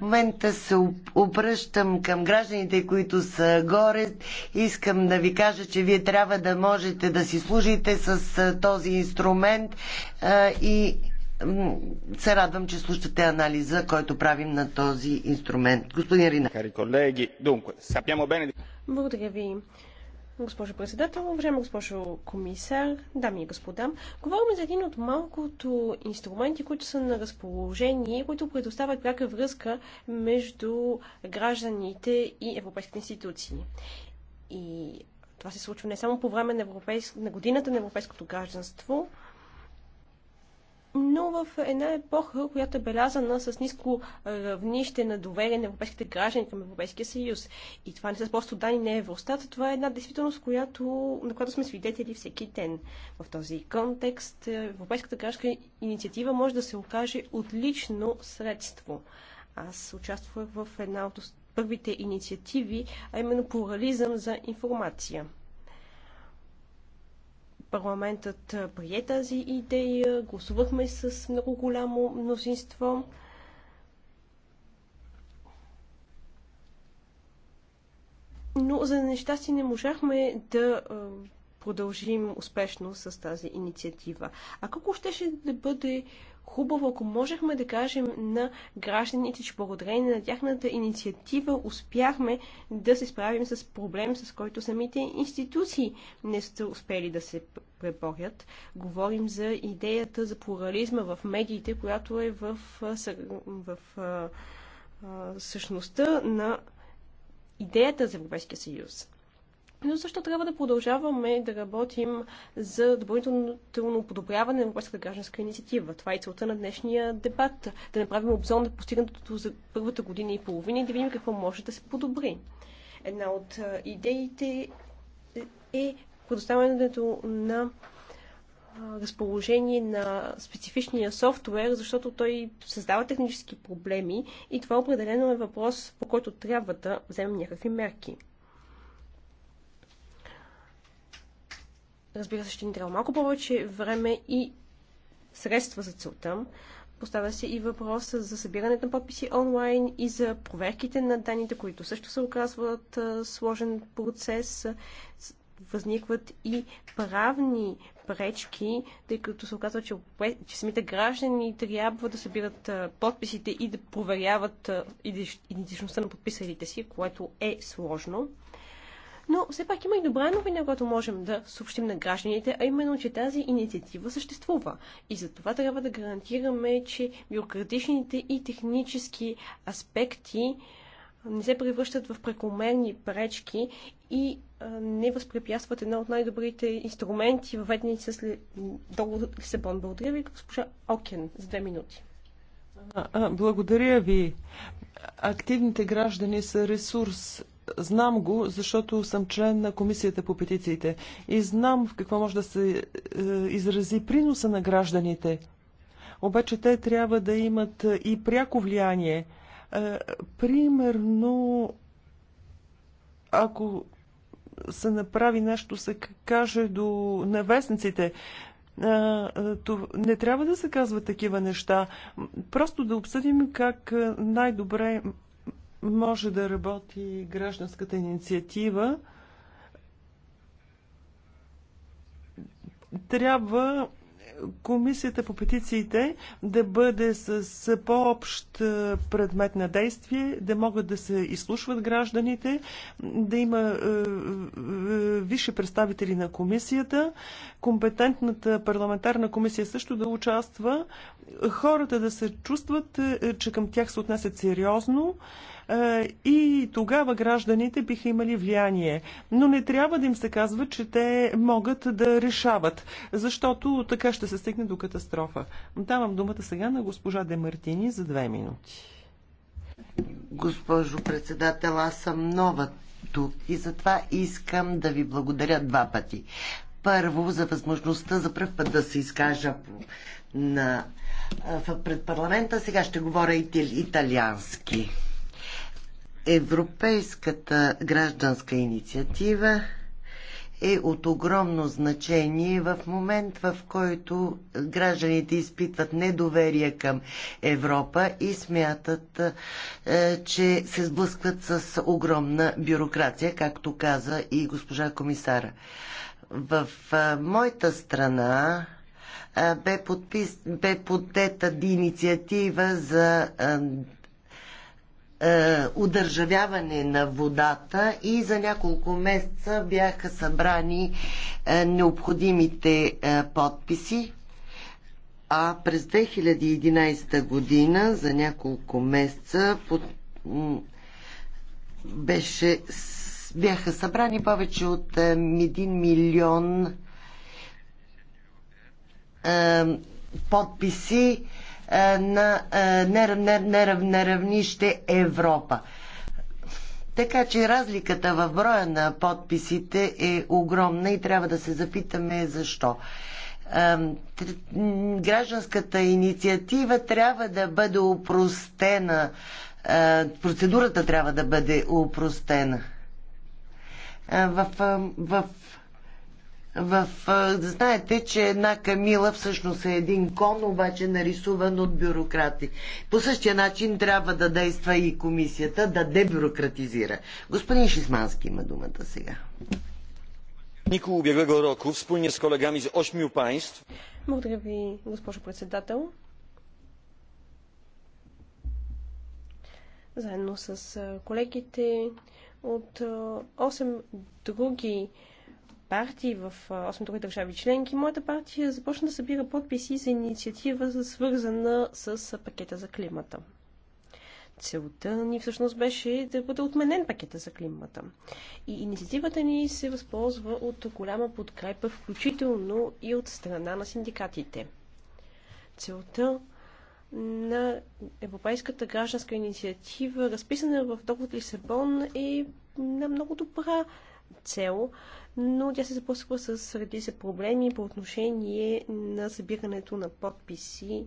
Speaker 4: момента се обръщам към гражданите, които са горе. Искам да ви кажа, че вие трябва да можете да си служите с този инструмент и се радвам, че слушате анализа, който правим на този инструмент. Господин Рина.
Speaker 3: Благодаря ви. Госпожо председател, уважаема госпожо комисар, дами и господа, говорим за един от малкото инструменти, които са на разположение, които предоставят пряка връзка между гражданите и европейските институции. И това се случва не само по време на, европейс... на годината на европейското гражданство, но в една епоха, която е белязана с ниско равнище на доверие на европейските граждани към Европейския съюз. И това не са просто данни на Евростат, това е една действителност, която, на която сме свидетели всеки ден. В този контекст е, Европейската гражданска инициатива може да се окаже отлично средство. Аз участвах в една от първите инициативи, а именно плурализъм за информация – Парламентът прие тази идея, гласувахме с много голямо мнозинство. Но за неща си не можахме да продължим успешно с тази инициатива. А колко щеше да бъде хубаво, ако можехме да кажем на гражданите, че благодарение на тяхната инициатива успяхме да се справим с проблем, с който самите институции не са успели да се преборят. Говорим за идеята за плурализма в медиите, която е в, в, в, в същността на идеята за Европейския съюз. Но също трябва да продължаваме да работим за допълнително подобряване на Европейската гражданска инициатива. Това е целта на днешния дебат. Да направим обзор на постигнатото за първата година и половина и да видим какво може да се подобри. Една от идеите е предоставянето на разположение на специфичния софтуер, защото той създава технически проблеми и това определено е въпрос, по който трябва да вземем някакви мерки. Разбира се, ще ни трябва малко повече време и средства за целта. Поставя се и въпрос за събирането на подписи онлайн и за проверките на данните, които също се оказват сложен процес. Възникват и правни пречки, тъй като се оказва, че, че самите граждани трябва да събират подписите и да проверяват идентичността на подписалите си, което е сложно но все пак има и добра новина, която можем да съобщим на гражданите, а именно, че тази инициатива съществува. И за това трябва да гарантираме, че бюрократичните и технически аспекти не се превръщат в прекомерни пречки и не възпрепятстват една от най-добрите инструменти, въведени с договор Лисабон. Благодаря ви, госпожа Окен, за две минути.
Speaker 1: Благодаря ви. Активните граждани са ресурс Знам го, защото съм член на Комисията по петициите и знам в какво може да се е, изрази приноса на гражданите. Обаче те трябва да имат е, и пряко влияние. Е, примерно, ако се направи нещо, се каже до навестниците, е, е, не трябва да се казват такива неща. Просто да обсъдим как най-добре може да работи гражданската инициатива. Трябва Комисията по петициите да бъде с по-общ предмет на действие, да могат да се изслушват гражданите, да има висши представители на комисията, компетентната парламентарна комисия също да участва, хората да се чувстват, че към тях се отнасят сериозно, и тогава гражданите биха имали влияние. Но не трябва да им се казва, че те могат да решават, защото така ще се стигне до катастрофа. Давам думата сега на госпожа Демартини за две минути.
Speaker 4: Госпожо председател, аз съм нова тук и затова искам да ви благодаря два пъти. Първо, за възможността за пръв път да се изкажа на, пред парламента. Сега ще говоря итали, италиански. Европейската гражданска инициатива е от огромно значение в момент, в който гражданите изпитват недоверие към Европа и смятат, е, че се сблъскват с огромна бюрокрация, както каза и госпожа комисара. В е, моята страна е, бе, подпис... бе подета инициатива за е, удържавяване на водата и за няколко месеца бяха събрани е, необходимите е, подписи. А през 2011 година за няколко месеца под... беше... бяха събрани повече от 1 милион подписи е, на е, неравнище Европа. Така че разликата в броя на подписите е огромна и трябва да се запитаме защо. Е, гражданската инициатива трябва да бъде упростена. Процедурата трябва да бъде упростена. В, в в, знаете, че една камила всъщност е един кон, обаче нарисуван от бюрократи. По същия начин трябва да действа и комисията да дебюрократизира. Господин Шисмански има думата
Speaker 2: сега. Нико ubiegłego року, спойния с колегами z ośmiu państw.
Speaker 3: Благодаря ви, госпожо председател. Заедно с колегите от 8 други партии в 8 други държави членки, моята партия започна да събира подписи за инициатива, свързана с пакета за климата. Целта ни всъщност беше да бъде отменен пакета за климата. И инициативата ни се възползва от голяма подкрепа, включително и от страна на синдикатите. Целта на Европейската гражданска инициатива, разписана в договор Лисабон, е на много добра цел, но тя се запусква с редица проблеми по отношение на събирането на подписи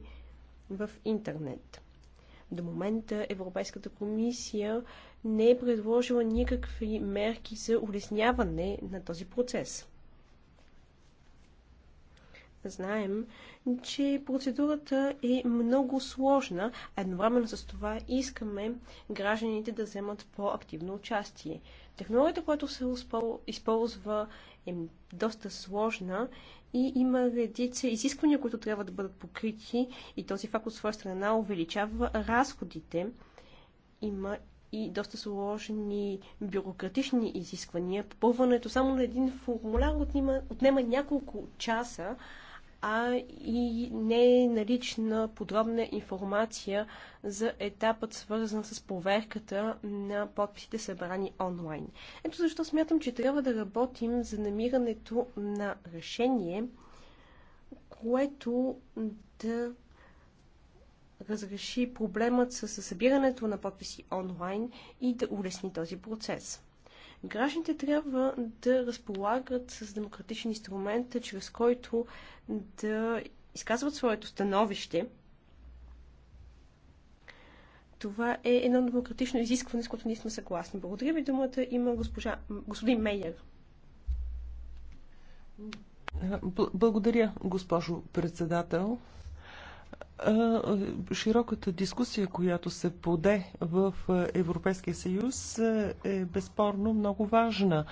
Speaker 3: в интернет. До момента Европейската комисия не е предложила никакви мерки за улесняване на този процес. Знаем, че процедурата е много сложна, а едновременно с това искаме гражданите да вземат по-активно участие. Технологията, която се използва е доста сложна и има редица изисквания, които трябва да бъдат покрити и този факт от своя страна увеличава разходите. Има и доста сложни бюрократични изисквания. Попълването само на един формуляр отнема, отнема няколко часа, а и не е налична подробна информация за етапът, свързан с проверката на подписите събрани онлайн. Ето защо смятам, че трябва да работим за намирането на решение, което да разреши проблемът с събирането на подписи онлайн и да улесни този процес. Гражданите трябва да разполагат с демократичен инструмент, чрез който да изказват своето становище. Това е едно демократично изискване, с което ние сме съгласни. Благодаря ви думата. Има госпожа, господин Мейер.
Speaker 1: Благодаря, госпожо председател. Широката дискусия, която се поде в Европейския съюз е безспорно много важна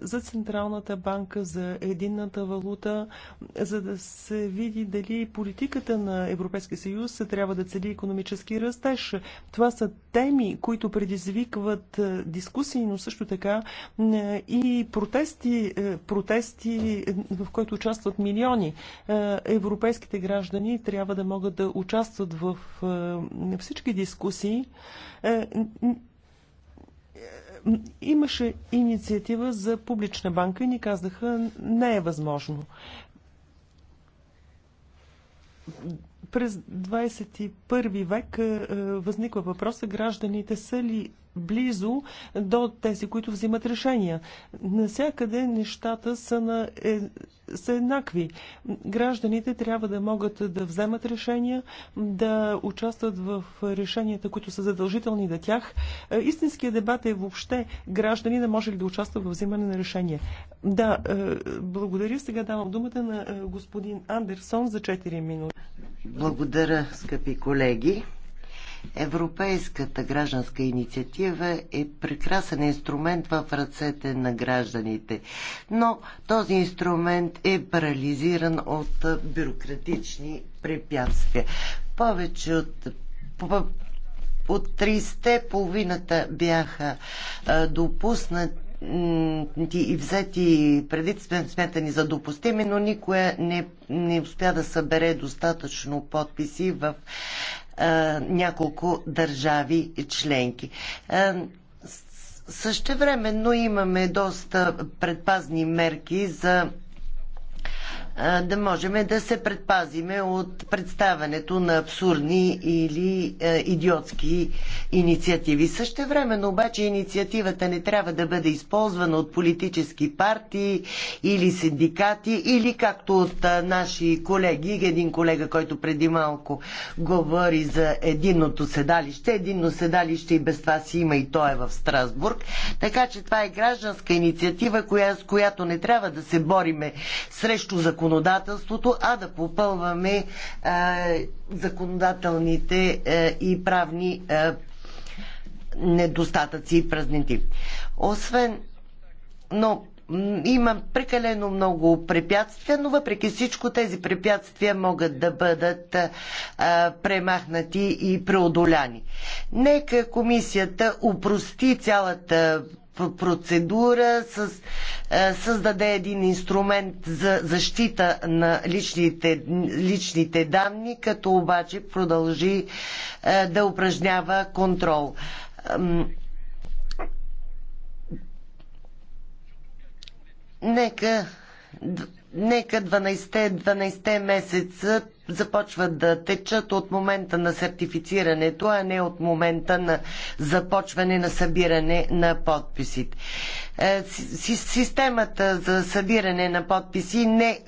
Speaker 1: за Централната банка, за единната валута, за да се види дали политиката на Европейския съюз трябва да цели економически растеж. Това са теми, които предизвикват е, дискусии, но също така е, и протести, е, протести в които участват милиони. Европейските граждани трябва да могат да участват в всички дискусии Имаше инициатива за публична банка и ни казаха, не е възможно. През 21 век е, е, възниква въпроса, гражданите са ли близо до тези, които взимат решения. Насякъде нещата са, на, е, са еднакви. Гражданите трябва да могат да вземат решения, да участват в решенията, които са задължителни за тях. Е, истинският дебат е въобще граждани да може ли да участва в взимане на решения. Да, е, благодаря. Сега давам думата на е, господин Андерсон
Speaker 4: за 4 минути. Благодаря, скъпи колеги. Европейската гражданска инициатива е прекрасен инструмент в ръцете на гражданите, но този инструмент е парализиран от бюрократични препятствия. Повече от от 30-те половината бяха допуснати и взети преди сметани за допустими, но никоя не, не успя да събере достатъчно подписи в няколко държави членки. Същевременно имаме доста предпазни мерки за да можем да се предпазиме от представането на абсурдни или идиотски инициативи. Също времено обаче инициативата не трябва да бъде използвана от политически партии или синдикати или както от наши колеги, един колега, който преди малко говори за единното седалище. Единно седалище и без това си има и то е в Страсбург. Така че това е гражданска инициатива, коя, с която не трябва да се бориме срещу законодателството законодателството, а да попълваме е, законодателните е, и правни е, недостатъци и празнити. Освен, но има прекалено много препятствия, но въпреки всичко тези препятствия могат да бъдат а, премахнати и преодоляни. Нека комисията упрости цялата процедура, е, създаде един инструмент за защита на личните, личните данни, като обаче продължи е, да упражнява контрол. Нека, нека 12, 12 месеца започват да течат от момента на сертифицирането, а не от момента на започване на събиране на подписите. Е, системата за събиране на подписи не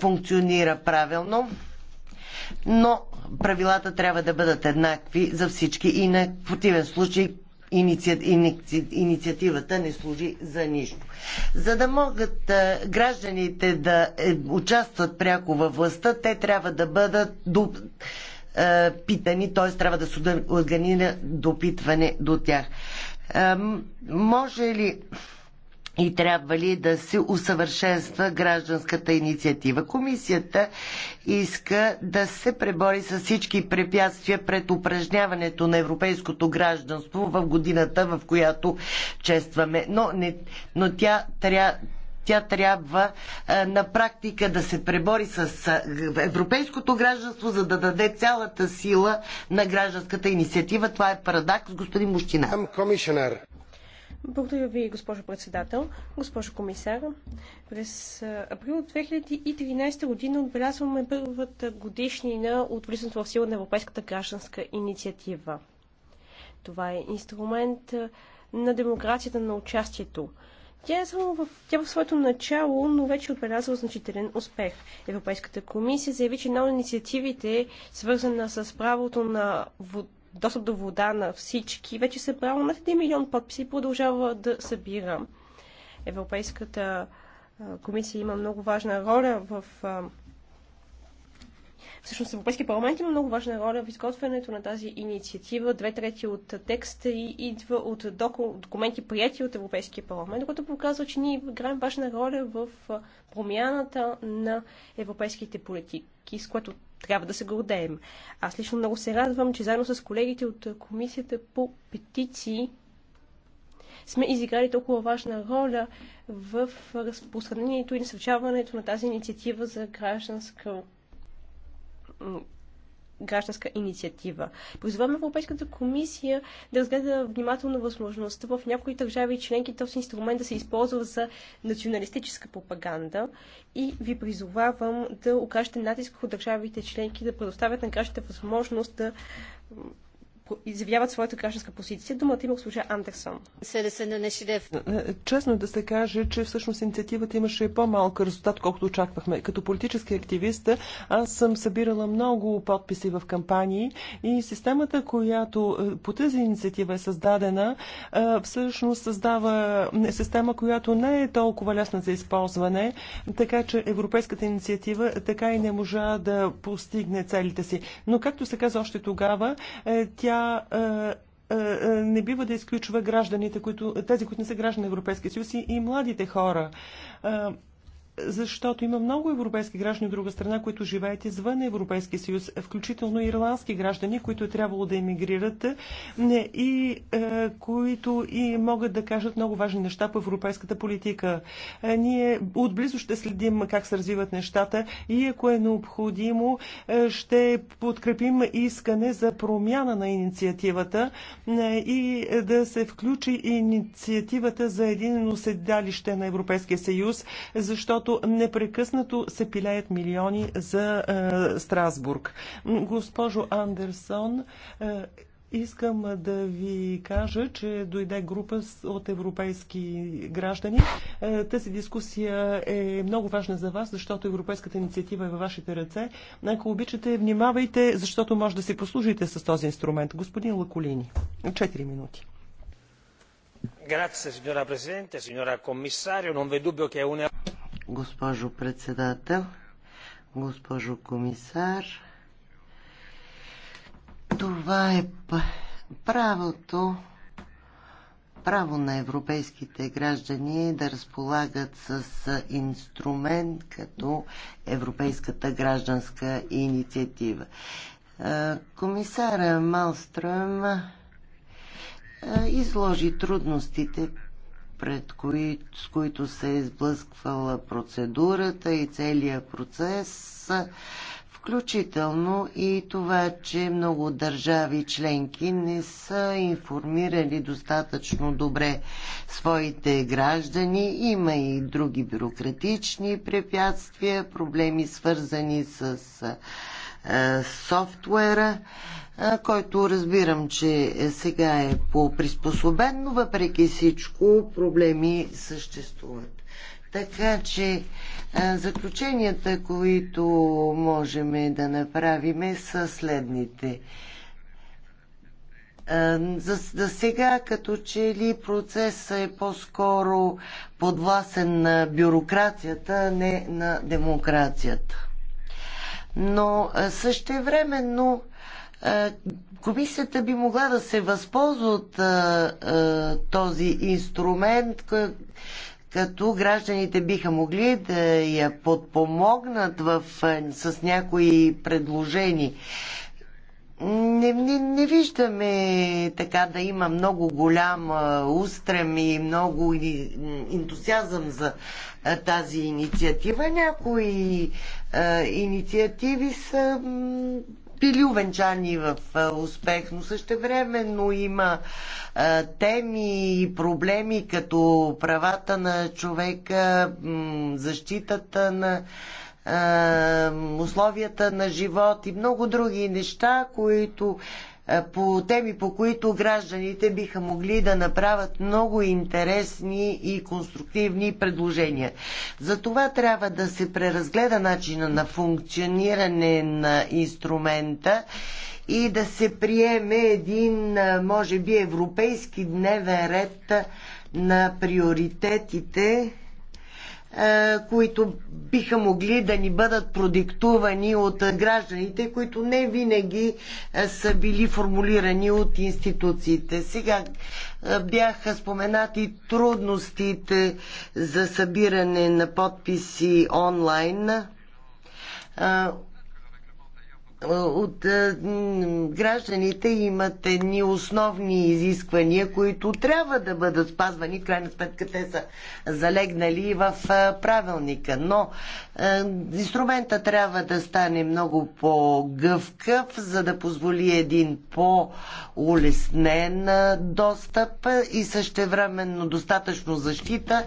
Speaker 4: функционира правилно, но правилата трябва да бъдат еднакви за всички и на противен случай иници... Иници... инициативата не служи за нищо. За да могат гражданите да е, участват пряко във властта, те трябва да бъдат до питани, т.е. трябва да се органира допитване до тях. Може ли и трябва ли да се усъвършенства гражданската инициатива. Комисията иска да се пребори с всички препятствия пред упражняването на европейското гражданство в годината, в която честваме. Но, не, но тя трябва тя трябва е, на практика да се пребори с е, европейското гражданство, за да даде цялата сила на гражданската инициатива. Това е парадакс, господин Мущина.
Speaker 3: Благодаря ви, госпожо председател. Госпожо комисар, през април 2013 година отбелязваме първата годишнина от влизането в сила на Европейската гражданска инициатива. Това е инструмент на демокрацията на участието. Тя е само в, тя е в своето начало, но вече е отбелязва значителен успех. Европейската комисия заяви, че една от инициативите, свързана с правото на вод достъп до вода на всички, вече събрало над 1 милион подписи и продължава да събира. Европейската комисия има много важна роля в Всъщност Европейския парламент има много важна роля в изготвянето на тази инициатива. Две трети от текста и идва от документи, прияти от Европейския парламент, което показва, че ние играем важна роля в промяната на европейските политики, с което трябва да се гордеем. Аз лично много се радвам, че заедно с колегите от Комисията по петиции сме изиграли толкова важна роля в разпространението и насърчаването на тази инициатива за гражданска гражданска инициатива. Призваме Европейската комисия да разгледа внимателно възможността в някои държави и членки този инструмент да се използва за националистическа пропаганда и ви призовавам да окажете натиск от държавите членки да предоставят на гражданите възможност да изявяват своята гражданска позиция. Думата има госпожа Андерсон.
Speaker 1: Честно е да се каже, че всъщност инициативата имаше по-малка резултат, колкото очаквахме. Като политически активист аз съм събирала много подписи в кампании и системата, която е, по тази инициатива е създадена, е, всъщност създава система, която не е толкова лесна за използване, така че европейската инициатива така и не можа да постигне целите си. Но както се каза още тогава, тя тя е, е, е, не бива да изключва гражданите, които, тези, които не са граждани на Европейския съюз и, и младите хора защото има много европейски граждани от друга страна, които живеят извън Европейския съюз, включително ирландски граждани, които е трябвало да емигрират и е, които и могат да кажат много важни неща по европейската политика. Е, ние отблизо ще следим как се развиват нещата и ако е необходимо, е, ще подкрепим искане за промяна на инициативата е, и да се включи инициативата за един седалище на Европейския съюз, защото защото непрекъснато се пилеят милиони за е, Страсбург. Госпожо Андерсон, е, Искам да ви кажа, че дойде група от европейски граждани. Е, тази дискусия е много важна за вас, защото европейската инициатива е във вашите ръце. Ако обичате, внимавайте, защото може да си послужите с този инструмент. Господин Лаколини, 4 минути. Grazie signora Presidente, signora Commissario, non v'è dubbio che è una
Speaker 4: госпожо председател, госпожо комисар. Това е правото право на европейските граждани да разполагат с инструмент като Европейската гражданска инициатива. Е, комисара Малстръм е, изложи трудностите пред кои, с които се е изблъсквала процедурата и целият процес, включително и това, че много държави членки не са информирали достатъчно добре своите граждани. Има и други бюрократични препятствия, проблеми свързани с е, софтуера, е, който разбирам, че е, сега е по-приспособен, но въпреки всичко проблеми съществуват. Така че заключенията, които можем да направим са следните. За, за сега, като че ли процесът е по-скоро подвласен на бюрокрацията, не на демокрацията но същевременно комисията би могла да се възползва от този инструмент, като гражданите биха могли да я подпомогнат в, с някои предложения не, не, не виждаме така да има много голям устрем и много ентусиазъм за тази инициатива. Някои а, инициативи са били увенчани в успех, но същевременно има теми и проблеми като правата на човека, защитата на условията на живот и много други неща, които по теми, по които гражданите биха могли да направят много интересни и конструктивни предложения. За това трябва да се преразгледа начина на функциониране на инструмента и да се приеме един, може би, европейски дневен ред на приоритетите е, които биха могли да ни бъдат продиктувани от гражданите, които не винаги е, са били формулирани от институциите. Сега е, бяха споменати трудностите за събиране на подписи онлайн от е, гражданите имат едни основни изисквания, които трябва да бъдат спазвани. В крайна сметка те са залегнали в е, правилника. Но е, инструмента трябва да стане много по-гъвкав, за да позволи един по-улеснен достъп и същевременно достатъчно защита,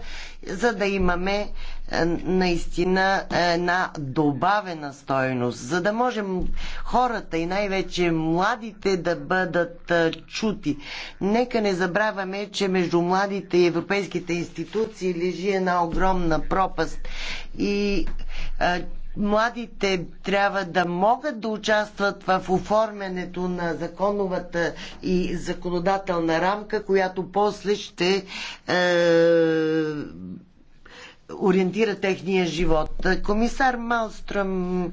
Speaker 4: за да имаме е, наистина една добавена стойност, за да можем хората и най-вече младите да бъдат е, чути. Нека не забравяме, че между младите и европейските институции лежи една огромна пропаст и е, младите трябва да могат да участват в оформянето на законовата и законодателна рамка, която после ще е, ориентира техния живот. Комисар Малстръм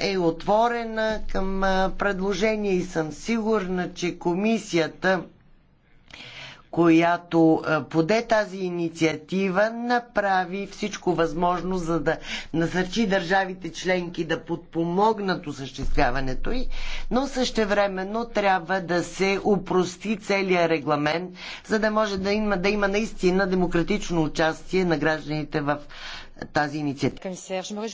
Speaker 4: е отворена към предложения и съм сигурна, че комисията която е, поде тази инициатива, направи всичко възможно, за да насърчи държавите членки да подпомогнат осъществяването й, но същевременно трябва да се упрости целият регламент, за да може да има, да има наистина демократично участие на гражданите в е, тази инициатива.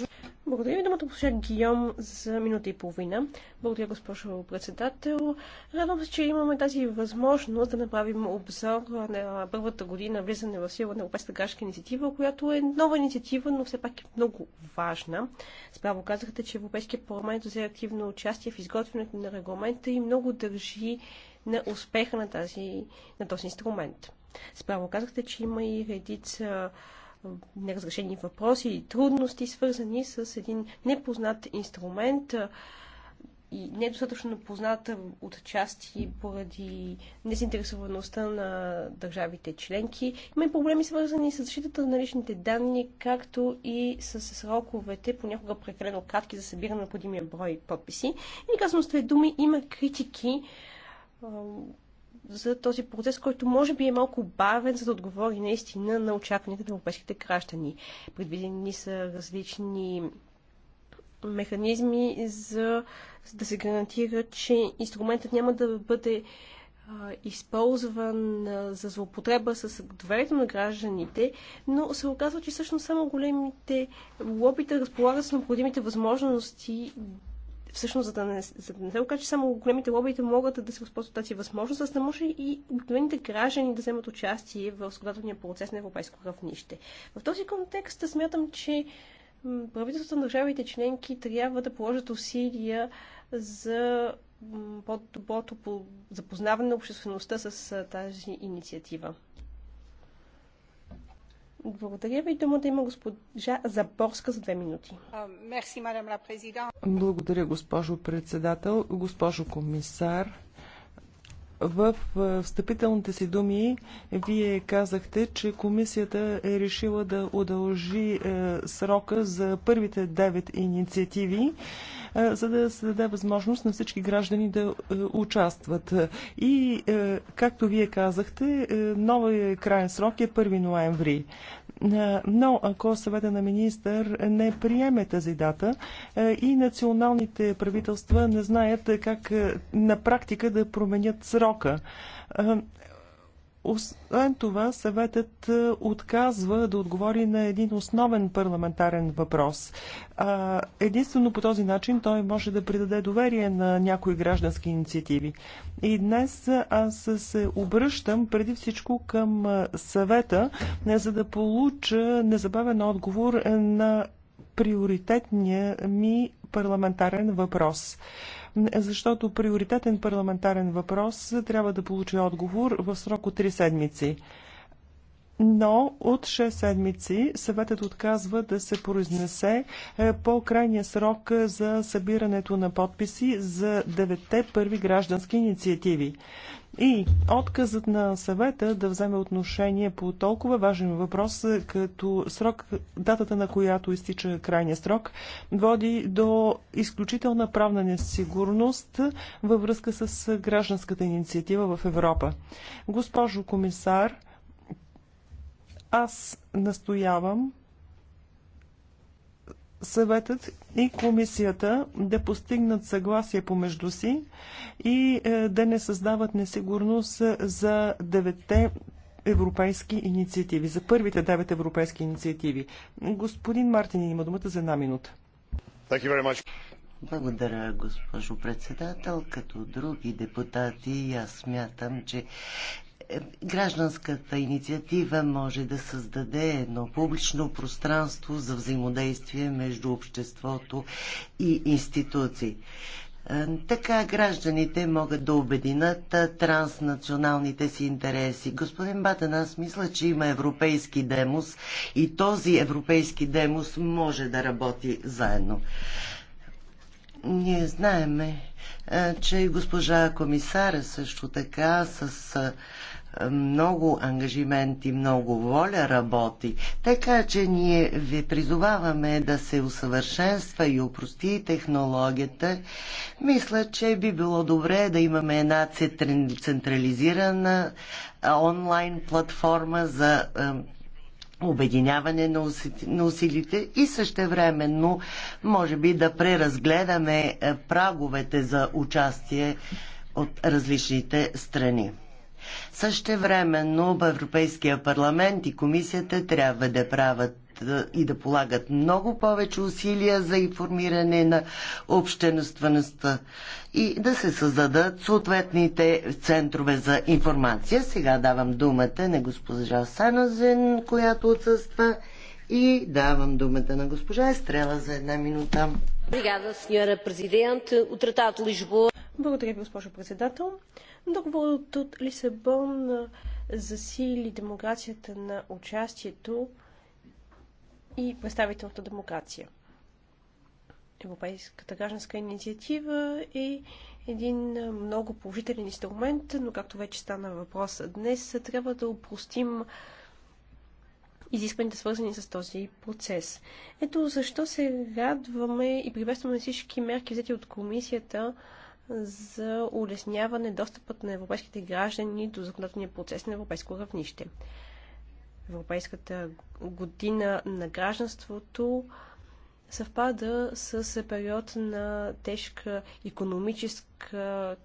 Speaker 3: Благодаря ви думата госпожа Гиом, за минута и половина. Благодаря госпожо председател. Радвам се, че имаме тази възможност да направим обзор на първата година влизане в сила на Европейската гражданска инициатива, която е нова инициатива, но все пак е много важна. Справо казахте, че Европейския парламент взе активно участие в изготвянето на регламента и много държи на успеха на, тази, на този инструмент. Справо казахте, че има и редица неразрешени въпроси и трудности, свързани с един непознат инструмент и недостатъчно позната от части поради незаинтересоваността на държавите членки. Има и проблеми свързани с защитата на личните данни, както и с сроковете, понякога прекалено кратки за събиране на необходимия брой подписи. И казвам с две думи, има критики за този процес, който може би е малко бавен, за да отговори наистина на очакванията на европейските граждани. Предвидени са различни механизми за, за да се гарантира, че инструментът няма да бъде използван за злоупотреба с доверието на гражданите, но се оказва, че всъщност само големите лобита разполагат с необходимите възможности всъщност, за да не, за да не се окаже, че само големите лобиите могат да се възползват тази възможност, за да може и обикновените граждани да вземат участие в законодателния процес на европейско равнище. В този контекст смятам, че правителството на държавите членки трябва да положат усилия за по-доброто запознаване на обществеността с тази инициатива. Благодаря ви. Думата има госпожа Запорска за две минути.
Speaker 1: Благодаря, госпожо председател, госпожо комисар. В встъпителните си думи вие казахте, че комисията е решила да удължи е, срока за първите девет инициативи, е, за да се даде възможност на всички граждани да е, участват. И, както вие казахте, новия крайен срок е 1 ноември. Е, но ако съвета на министър не приеме тази дата е, и националните правителства не знаят как е, на практика да променят срока. Освен това, съветът е, отказва да отговори на един основен парламентарен въпрос. Единствено по този начин той може да придаде доверие на някои граждански инициативи. И днес е, аз се обръщам преди всичко към е, съвета, за да получа незабавен отговор на приоритетния ми парламентарен въпрос защото приоритетен парламентарен въпрос трябва да получи отговор в срок от 3 седмици. Но от 6 седмици съветът отказва да се произнесе е, по крайния срок за събирането на подписи за девете първи граждански инициативи. И отказът на съвета да вземе отношение по толкова важен въпрос, като срок, датата на която изтича крайния срок, води до изключителна правна несигурност във връзка с гражданската инициатива в Европа. Госпожо комисар, аз настоявам съветът и комисията да постигнат съгласие помежду си и е, да не създават несигурност за девете европейски инициативи, за първите девет европейски инициативи. Господин Мартин има думата за една минута.
Speaker 4: Благодаря, госпожо председател. Като други депутати, аз смятам, че гражданската инициатива може да създаде едно публично пространство за взаимодействие между обществото и институции. Е, така гражданите могат да обединат е, транснационалните си интереси. Господин Батен, аз мисля, че има европейски демос и този европейски демос може да работи заедно. Ние знаеме, е, че госпожа комисара също така с много ангажимент и много воля работи. Така че ние ви призоваваме да се усъвършенства и упрости технологията. Мисля, че би било добре да имаме една централизирана онлайн платформа за обединяване на, на усилите и същевременно може би да преразгледаме праговете за участие от различните страни. Същевременно Европейския парламент и комисията трябва да правят и да полагат много повече усилия за информиране на обществеността и да се създадат съответните центрове за информация. Сега давам думата на госпожа Санозен, която отсъства и давам думата на госпожа Естрела за една минута.
Speaker 3: Благодаря, госпожо председател. Договорът от Лисабон засили демокрацията на участието и представителната демокрация. Европейската гражданска инициатива е един много положителен инструмент, но както вече стана въпроса днес, трябва да упростим изискванията, свързани с този процес. Ето защо се радваме и приветстваме всички мерки, взети от комисията за улесняване достъпът на европейските граждани до законодателния процес на европейско равнище. Европейската година на гражданството съвпада с период на тежка економическа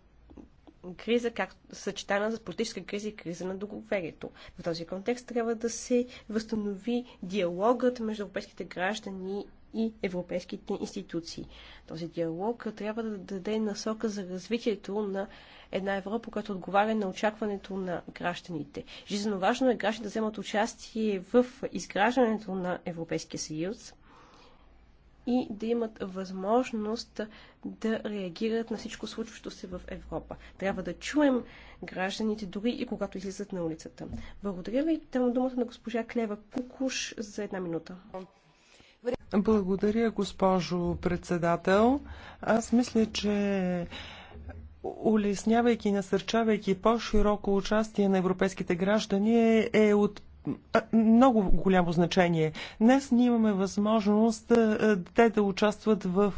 Speaker 3: криза, как, съчетана с политическа криза и криза на договерието. В този контекст трябва да се възстанови диалогът между европейските граждани и европейските институции. Този диалог трябва да даде насока за развитието на една Европа, която отговаря на очакването на гражданите. Жизненно важно е гражданите да вземат участие в изграждането на Европейския съюз и да имат възможност да реагират на всичко случващо се в Европа. Трябва да чуем гражданите дори и когато излизат на улицата. Благодаря ви. Там думата на госпожа Клева Кукуш за една минута.
Speaker 1: Благодаря, госпожо председател. Аз мисля, че улеснявайки и насърчавайки по-широко участие на европейските граждани е, е от много голямо значение. Днес ние имаме възможност те да участват в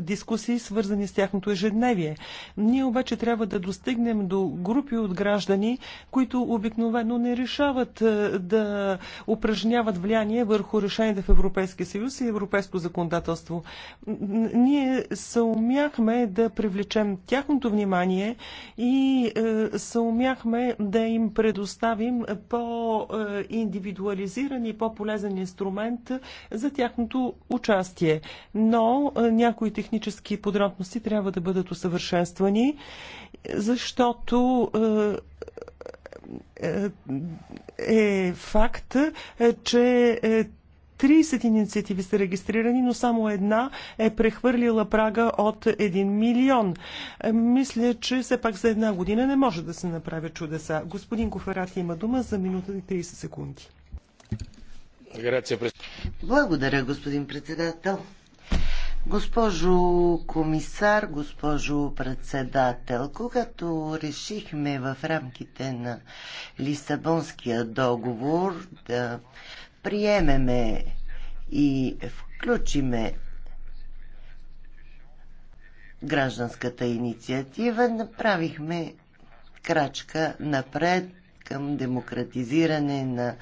Speaker 1: дискусии, свързани с тяхното ежедневие. Ние обаче трябва да достигнем до групи от граждани, които обикновено не решават да упражняват влияние върху решенията в Европейския съюз и европейско законодателство. Ние съумяхме да привлечем тяхното внимание и съумяхме да им предоставим по индивидуализиран и по-полезен инструмент за тяхното участие. Но някои технически подробности трябва да бъдат усъвършенствани, защото е факт, че е, 30 инициативи са регистрирани, но само една е прехвърлила прага от 1 милион. Е, мисля, че все пак за една година не може да се направя чудеса. Господин Коферати има дума за минута и 30 секунди.
Speaker 4: Благодаря, господин председател. Госпожо комисар, госпожо председател, когато решихме в рамките на Лисабонския договор да приемеме и включиме гражданската инициатива, направихме крачка напред към демократизиране на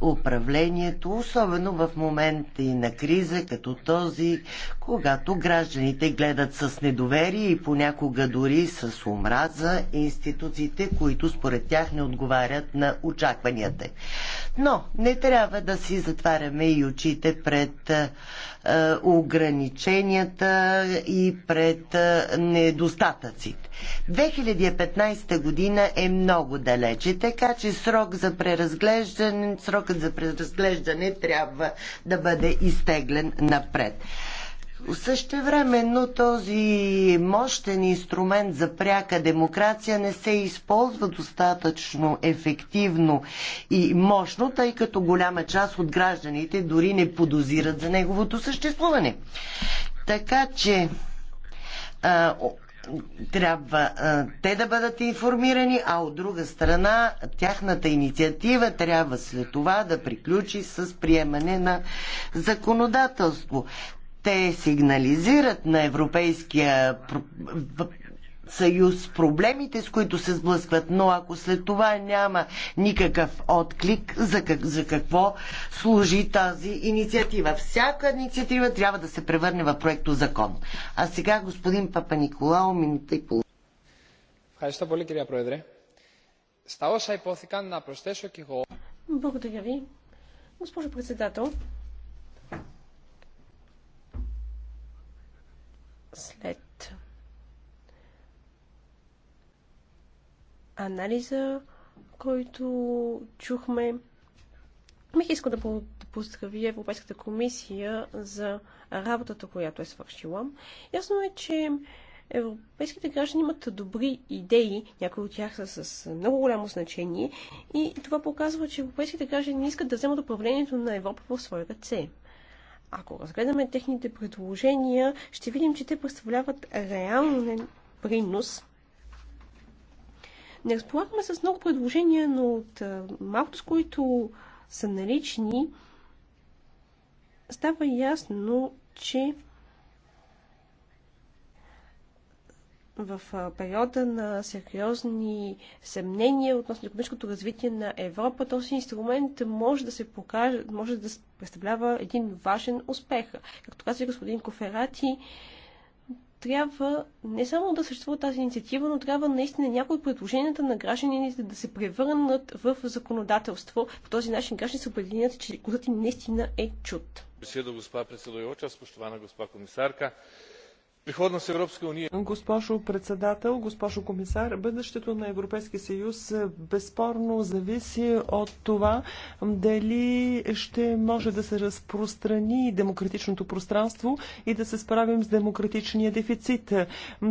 Speaker 4: управлението, особено в моменти на криза, като този, когато гражданите гледат с недоверие и понякога дори с омраза институциите, които според тях не отговарят на очакванията. Но не трябва да си затваряме и очите пред е, е ограниченията и пред е, недостатъците. 2015 година е много далече, така че срок за преразглеждане, срок срокът за преразглеждане трябва да бъде изтеглен напред. но този мощен инструмент за пряка демокрация не се използва достатъчно ефективно и мощно, тъй като голяма част от гражданите дори не подозират за неговото съществуване. Така че трябва а, те да бъдат информирани, а от друга страна тяхната инициатива трябва след това да приключи с приемане на законодателство. Те сигнализират на Европейския съюз, проблемите, с които се сблъскват, но ако след това няма никакъв отклик, за, как, за какво служи тази инициатива? Всяка инициатива трябва да се превърне в проекто закон. А сега господин Папа Николао, минута и половина.
Speaker 3: Благодаря ви. Госпожо председател, след анализа, който чухме. Бих искал да поздравя Европейската комисия за работата, която е свършила. Ясно е, че европейските граждани имат добри идеи, някои от тях са с много голямо значение и това показва, че европейските граждани искат да вземат управлението на Европа в своя ръце. Ако разгледаме техните предложения, ще видим, че те представляват реален принос не разполагаме с много предложения, но от малкото, с които са налични, става ясно, че в периода на сериозни съмнения относно економическото развитие на Европа, този инструмент може да се покаже, може да представлява един важен успех. Както каза господин Коферати, трябва не само да съществува тази инициатива, но трябва наистина някои предложенията на гражданите да се превърнат в законодателство. По този начин граждани се определят, че гласът им наистина е чут.
Speaker 1: Besedo госпожа predsedujoča, госпожа комисарка. Приходност Европска уния. Госпожо председател, госпожо комисар, бъдещето на Европейския съюз безспорно зависи от това дали ще може да се разпространи демократичното пространство и да се справим с демократичния дефицит.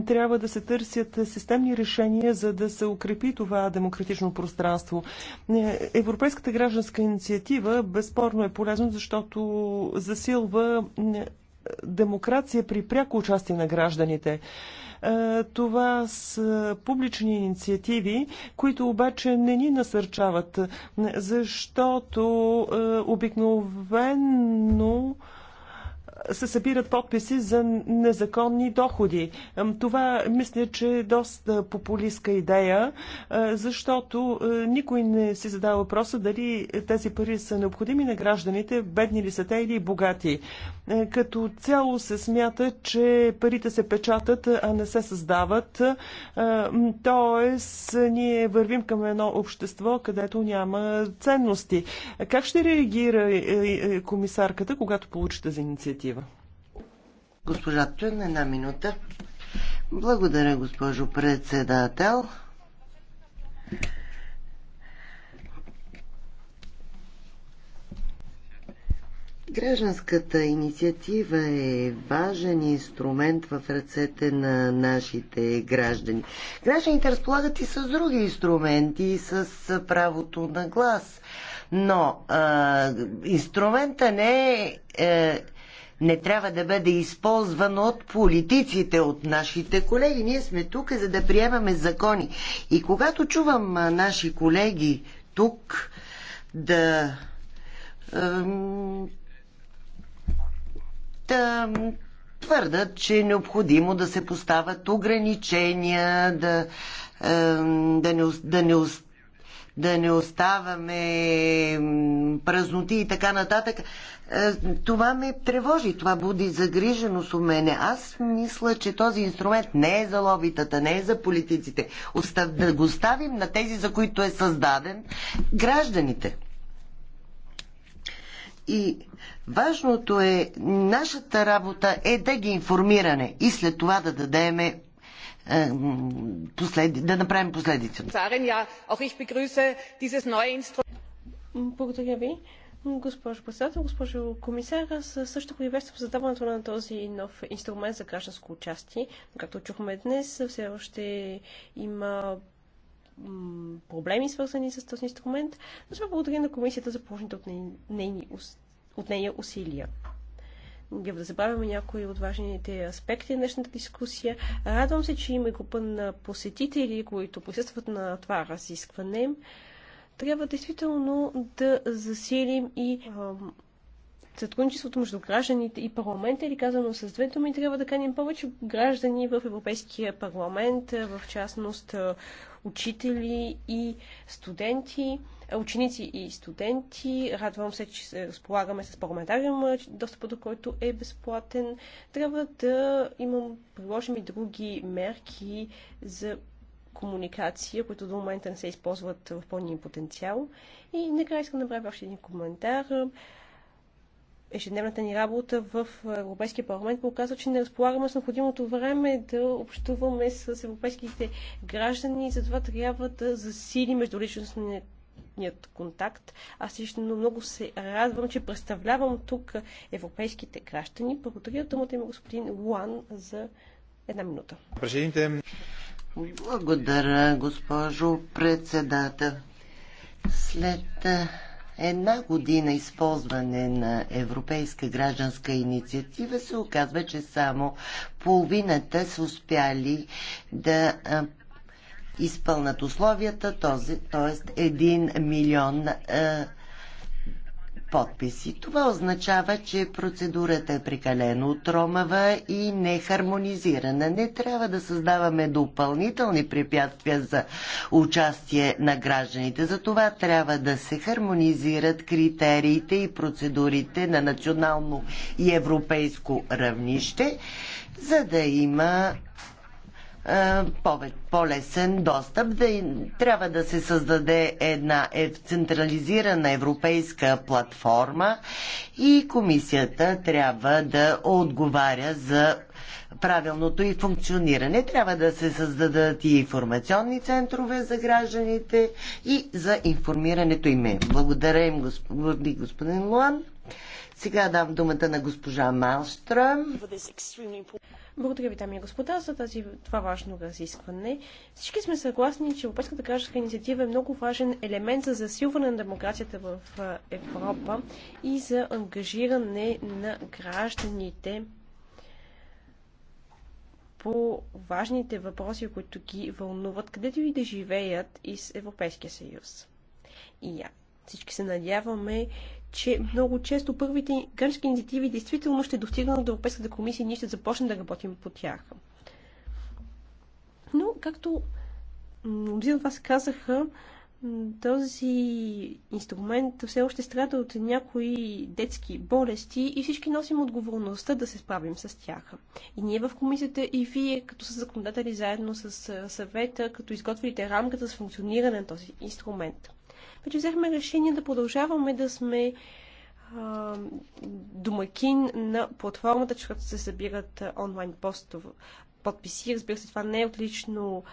Speaker 1: Трябва да се търсят системни решения, за да се укрепи това демократично пространство. Европейската гражданска инициатива безспорно е полезна, защото засилва демокрация при пряко участие на гражданите. Е, това са публични инициативи, които обаче не ни насърчават, защото е, обикновено се събират подписи за незаконни доходи. Това мисля, че е доста популистка идея, защото никой не си задава въпроса дали тези пари са необходими на гражданите, бедни ли са те или богати. Като цяло се смята, че парите се печатат, а не се създават. Тоест, ние вървим към едно общество, където няма ценности. Как ще реагира е, е, комисарката, когато получите за инициатива? Госпожа
Speaker 4: Тюн, една минута. Благодаря, госпожо председател. Гражданската инициатива е важен инструмент в ръцете на нашите граждани. Гражданите разполагат и с други инструменти, и с правото на глас. Но а, инструмента не е, е не трябва да бъде използвано от политиците, от нашите колеги. Ние сме тук, за да приемаме закони. И когато чувам наши колеги тук да. да твърдат, че е необходимо да се поставят ограничения, да, да, не, да не да не оставаме празноти и така нататък. Е, това ме тревожи, това буди загриженост у мене. Аз мисля, че този инструмент не е за лобитата, не е за политиците. Остав... Да го ставим на тези, за които е създаден, гражданите. И важното е, нашата работа е да ги информираме и след това да дадеме е, да направим последиците.
Speaker 3: Благодаря ви. Госпожо председател, госпожо комисар, аз също приветствам създаването на този нов инструмент за гражданско участие. Както чухме днес, все още има проблеми, свързани с този инструмент, но сме благодаря на комисията за положените от, нейни от нея усилия да забавяме някои от важните аспекти на днешната дискусия. Радвам се, че има група на посетители, които присъстват на това разискване. Трябва действително да засилим и сътрудничеството между гражданите и парламента, или казано с две думи, трябва да каним повече граждани в Европейския парламент, в частност учители и студенти ученици и студенти. Радвам се, че се разполагаме с парламентариум, достъпът до който е безплатен. Трябва да имам, приложим и други мерки за комуникация, които до момента не се използват в пълния потенциал. И накрая искам да направя още един коментар ежедневната ни работа в Европейския парламент показва, че не разполагаме с необходимото време да общуваме с европейските граждани, затова трябва да засили междуличностните прякият контакт. Аз лично много се радвам, че представлявам тук европейските граждани. Благодаря думата има господин Луан за една минута.
Speaker 4: Благодаря, госпожо председател. След една година използване на Европейска гражданска инициатива се оказва, че само половината са успяли да изпълнат условията, т.е. 1 милион е, подписи. Това означава, че процедурата е прекалено отромава и нехармонизирана. Не трябва да създаваме допълнителни препятствия за участие на гражданите. За това трябва да се хармонизират критериите и процедурите на национално и европейско равнище, за да има е, по-лесен достъп. Да, трябва да се създаде една централизирана европейска платформа и комисията трябва да отговаря за правилното и функциониране. Трябва да се създадат и информационни центрове за гражданите и за информирането им. Благодаря им, господин, господин Луан. Сега дам думата на госпожа Малстрам.
Speaker 3: Благодаря ви, дами и господа, за тази, това важно разискване. Всички сме съгласни, че Европейската гражданска инициатива е много важен елемент за засилване на демокрацията в Европа и за ангажиране на гражданите по важните въпроси, които ги вълнуват, където и да живеят из Европейския съюз. И я. Всички се надяваме, че много често първите гръмски инициативи действително ще достигнат до Европейската комисия и ние ще започнем да работим по тях. Но, както мнозина от вас казаха, този инструмент все още страда от някои детски болести и всички носим отговорността да се справим с тях. И ние в комисията, и вие, като са законодатели, заедно с съвета, като изготвите рамката за функциониране на този инструмент вече взехме решение да продължаваме да сме а, домакин на платформата, чрез се събират онлайн постове, подписи. Разбира се, това не е отлично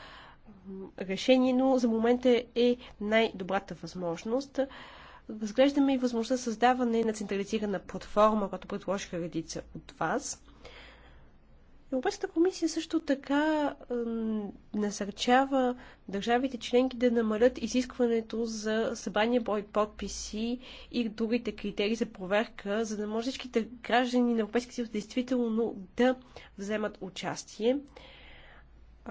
Speaker 3: решение, но за момента е най-добрата възможност. Разглеждаме и възможността създаване на централизирана платформа, която предложиха редица от вас. Европейската комисия също така насърчава държавите членки да намалят изискването за събрание брой подписи и другите критерии за проверка, за да може всичките граждани на Европейския съюз действително да вземат участие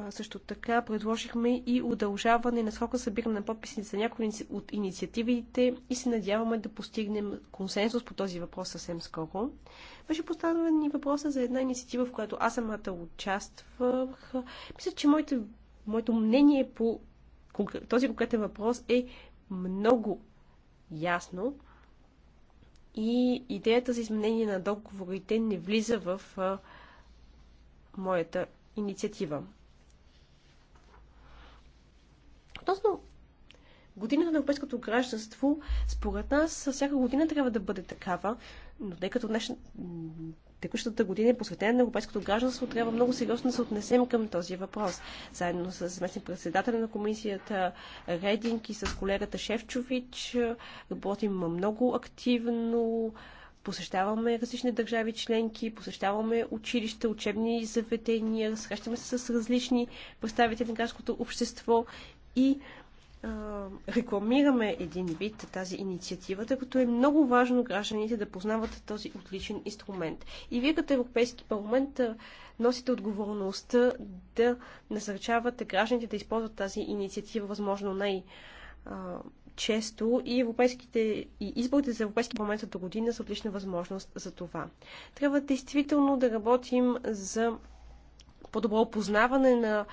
Speaker 3: също така предложихме и удължаване на срока събиране на подписи за някои от инициативите и се надяваме да постигнем консенсус по този въпрос съвсем скоро. Беше поставен и въпроса за една инициатива, в която аз самата участвах. Мисля, че моите, моето мнение по този конкретен въпрос е много ясно и идеята за изменение на договорите не влиза в моята инициатива. Относно годината на европейското гражданство, според нас всяка година трябва да бъде такава, но тъй като днеш... текущата година е посветена на европейското гражданство, трябва много сериозно да се отнесем към този въпрос. Заедно с местни председателя на комисията Рединг и с колегата Шевчович е, работим много активно, посещаваме различни държави членки, посещаваме училища, учебни заведения, срещаме се с различни представители на гражданското общество и рекламираме един вид тази инициатива, тъй като е много важно гражданите да познават този отличен инструмент. И вие като Европейски парламент носите отговорността да насърчавате гражданите да използват тази инициатива възможно най- често и, европейските, и изборите за Европейски парламент от година са отлична възможност за това. Трябва действително да работим за по-добро опознаване на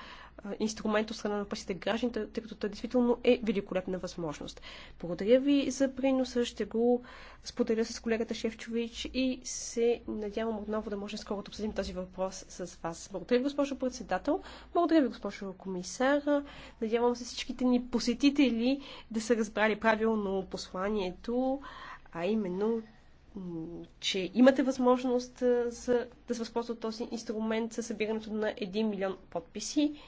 Speaker 3: инструмент от страна на пасите граждани, тъй като това действително е великолепна възможност. Благодаря ви за приноса, ще го споделя с колегата Шевчович и се надявам отново да можем скоро да обсъдим този въпрос с вас. Благодаря ви, госпожо председател, благодаря ви, госпожо комисар. Надявам се всичките ни посетители да са разбрали правилно посланието, а именно че имате възможност за, да се възползват този инструмент със събирането на 1 милион подписи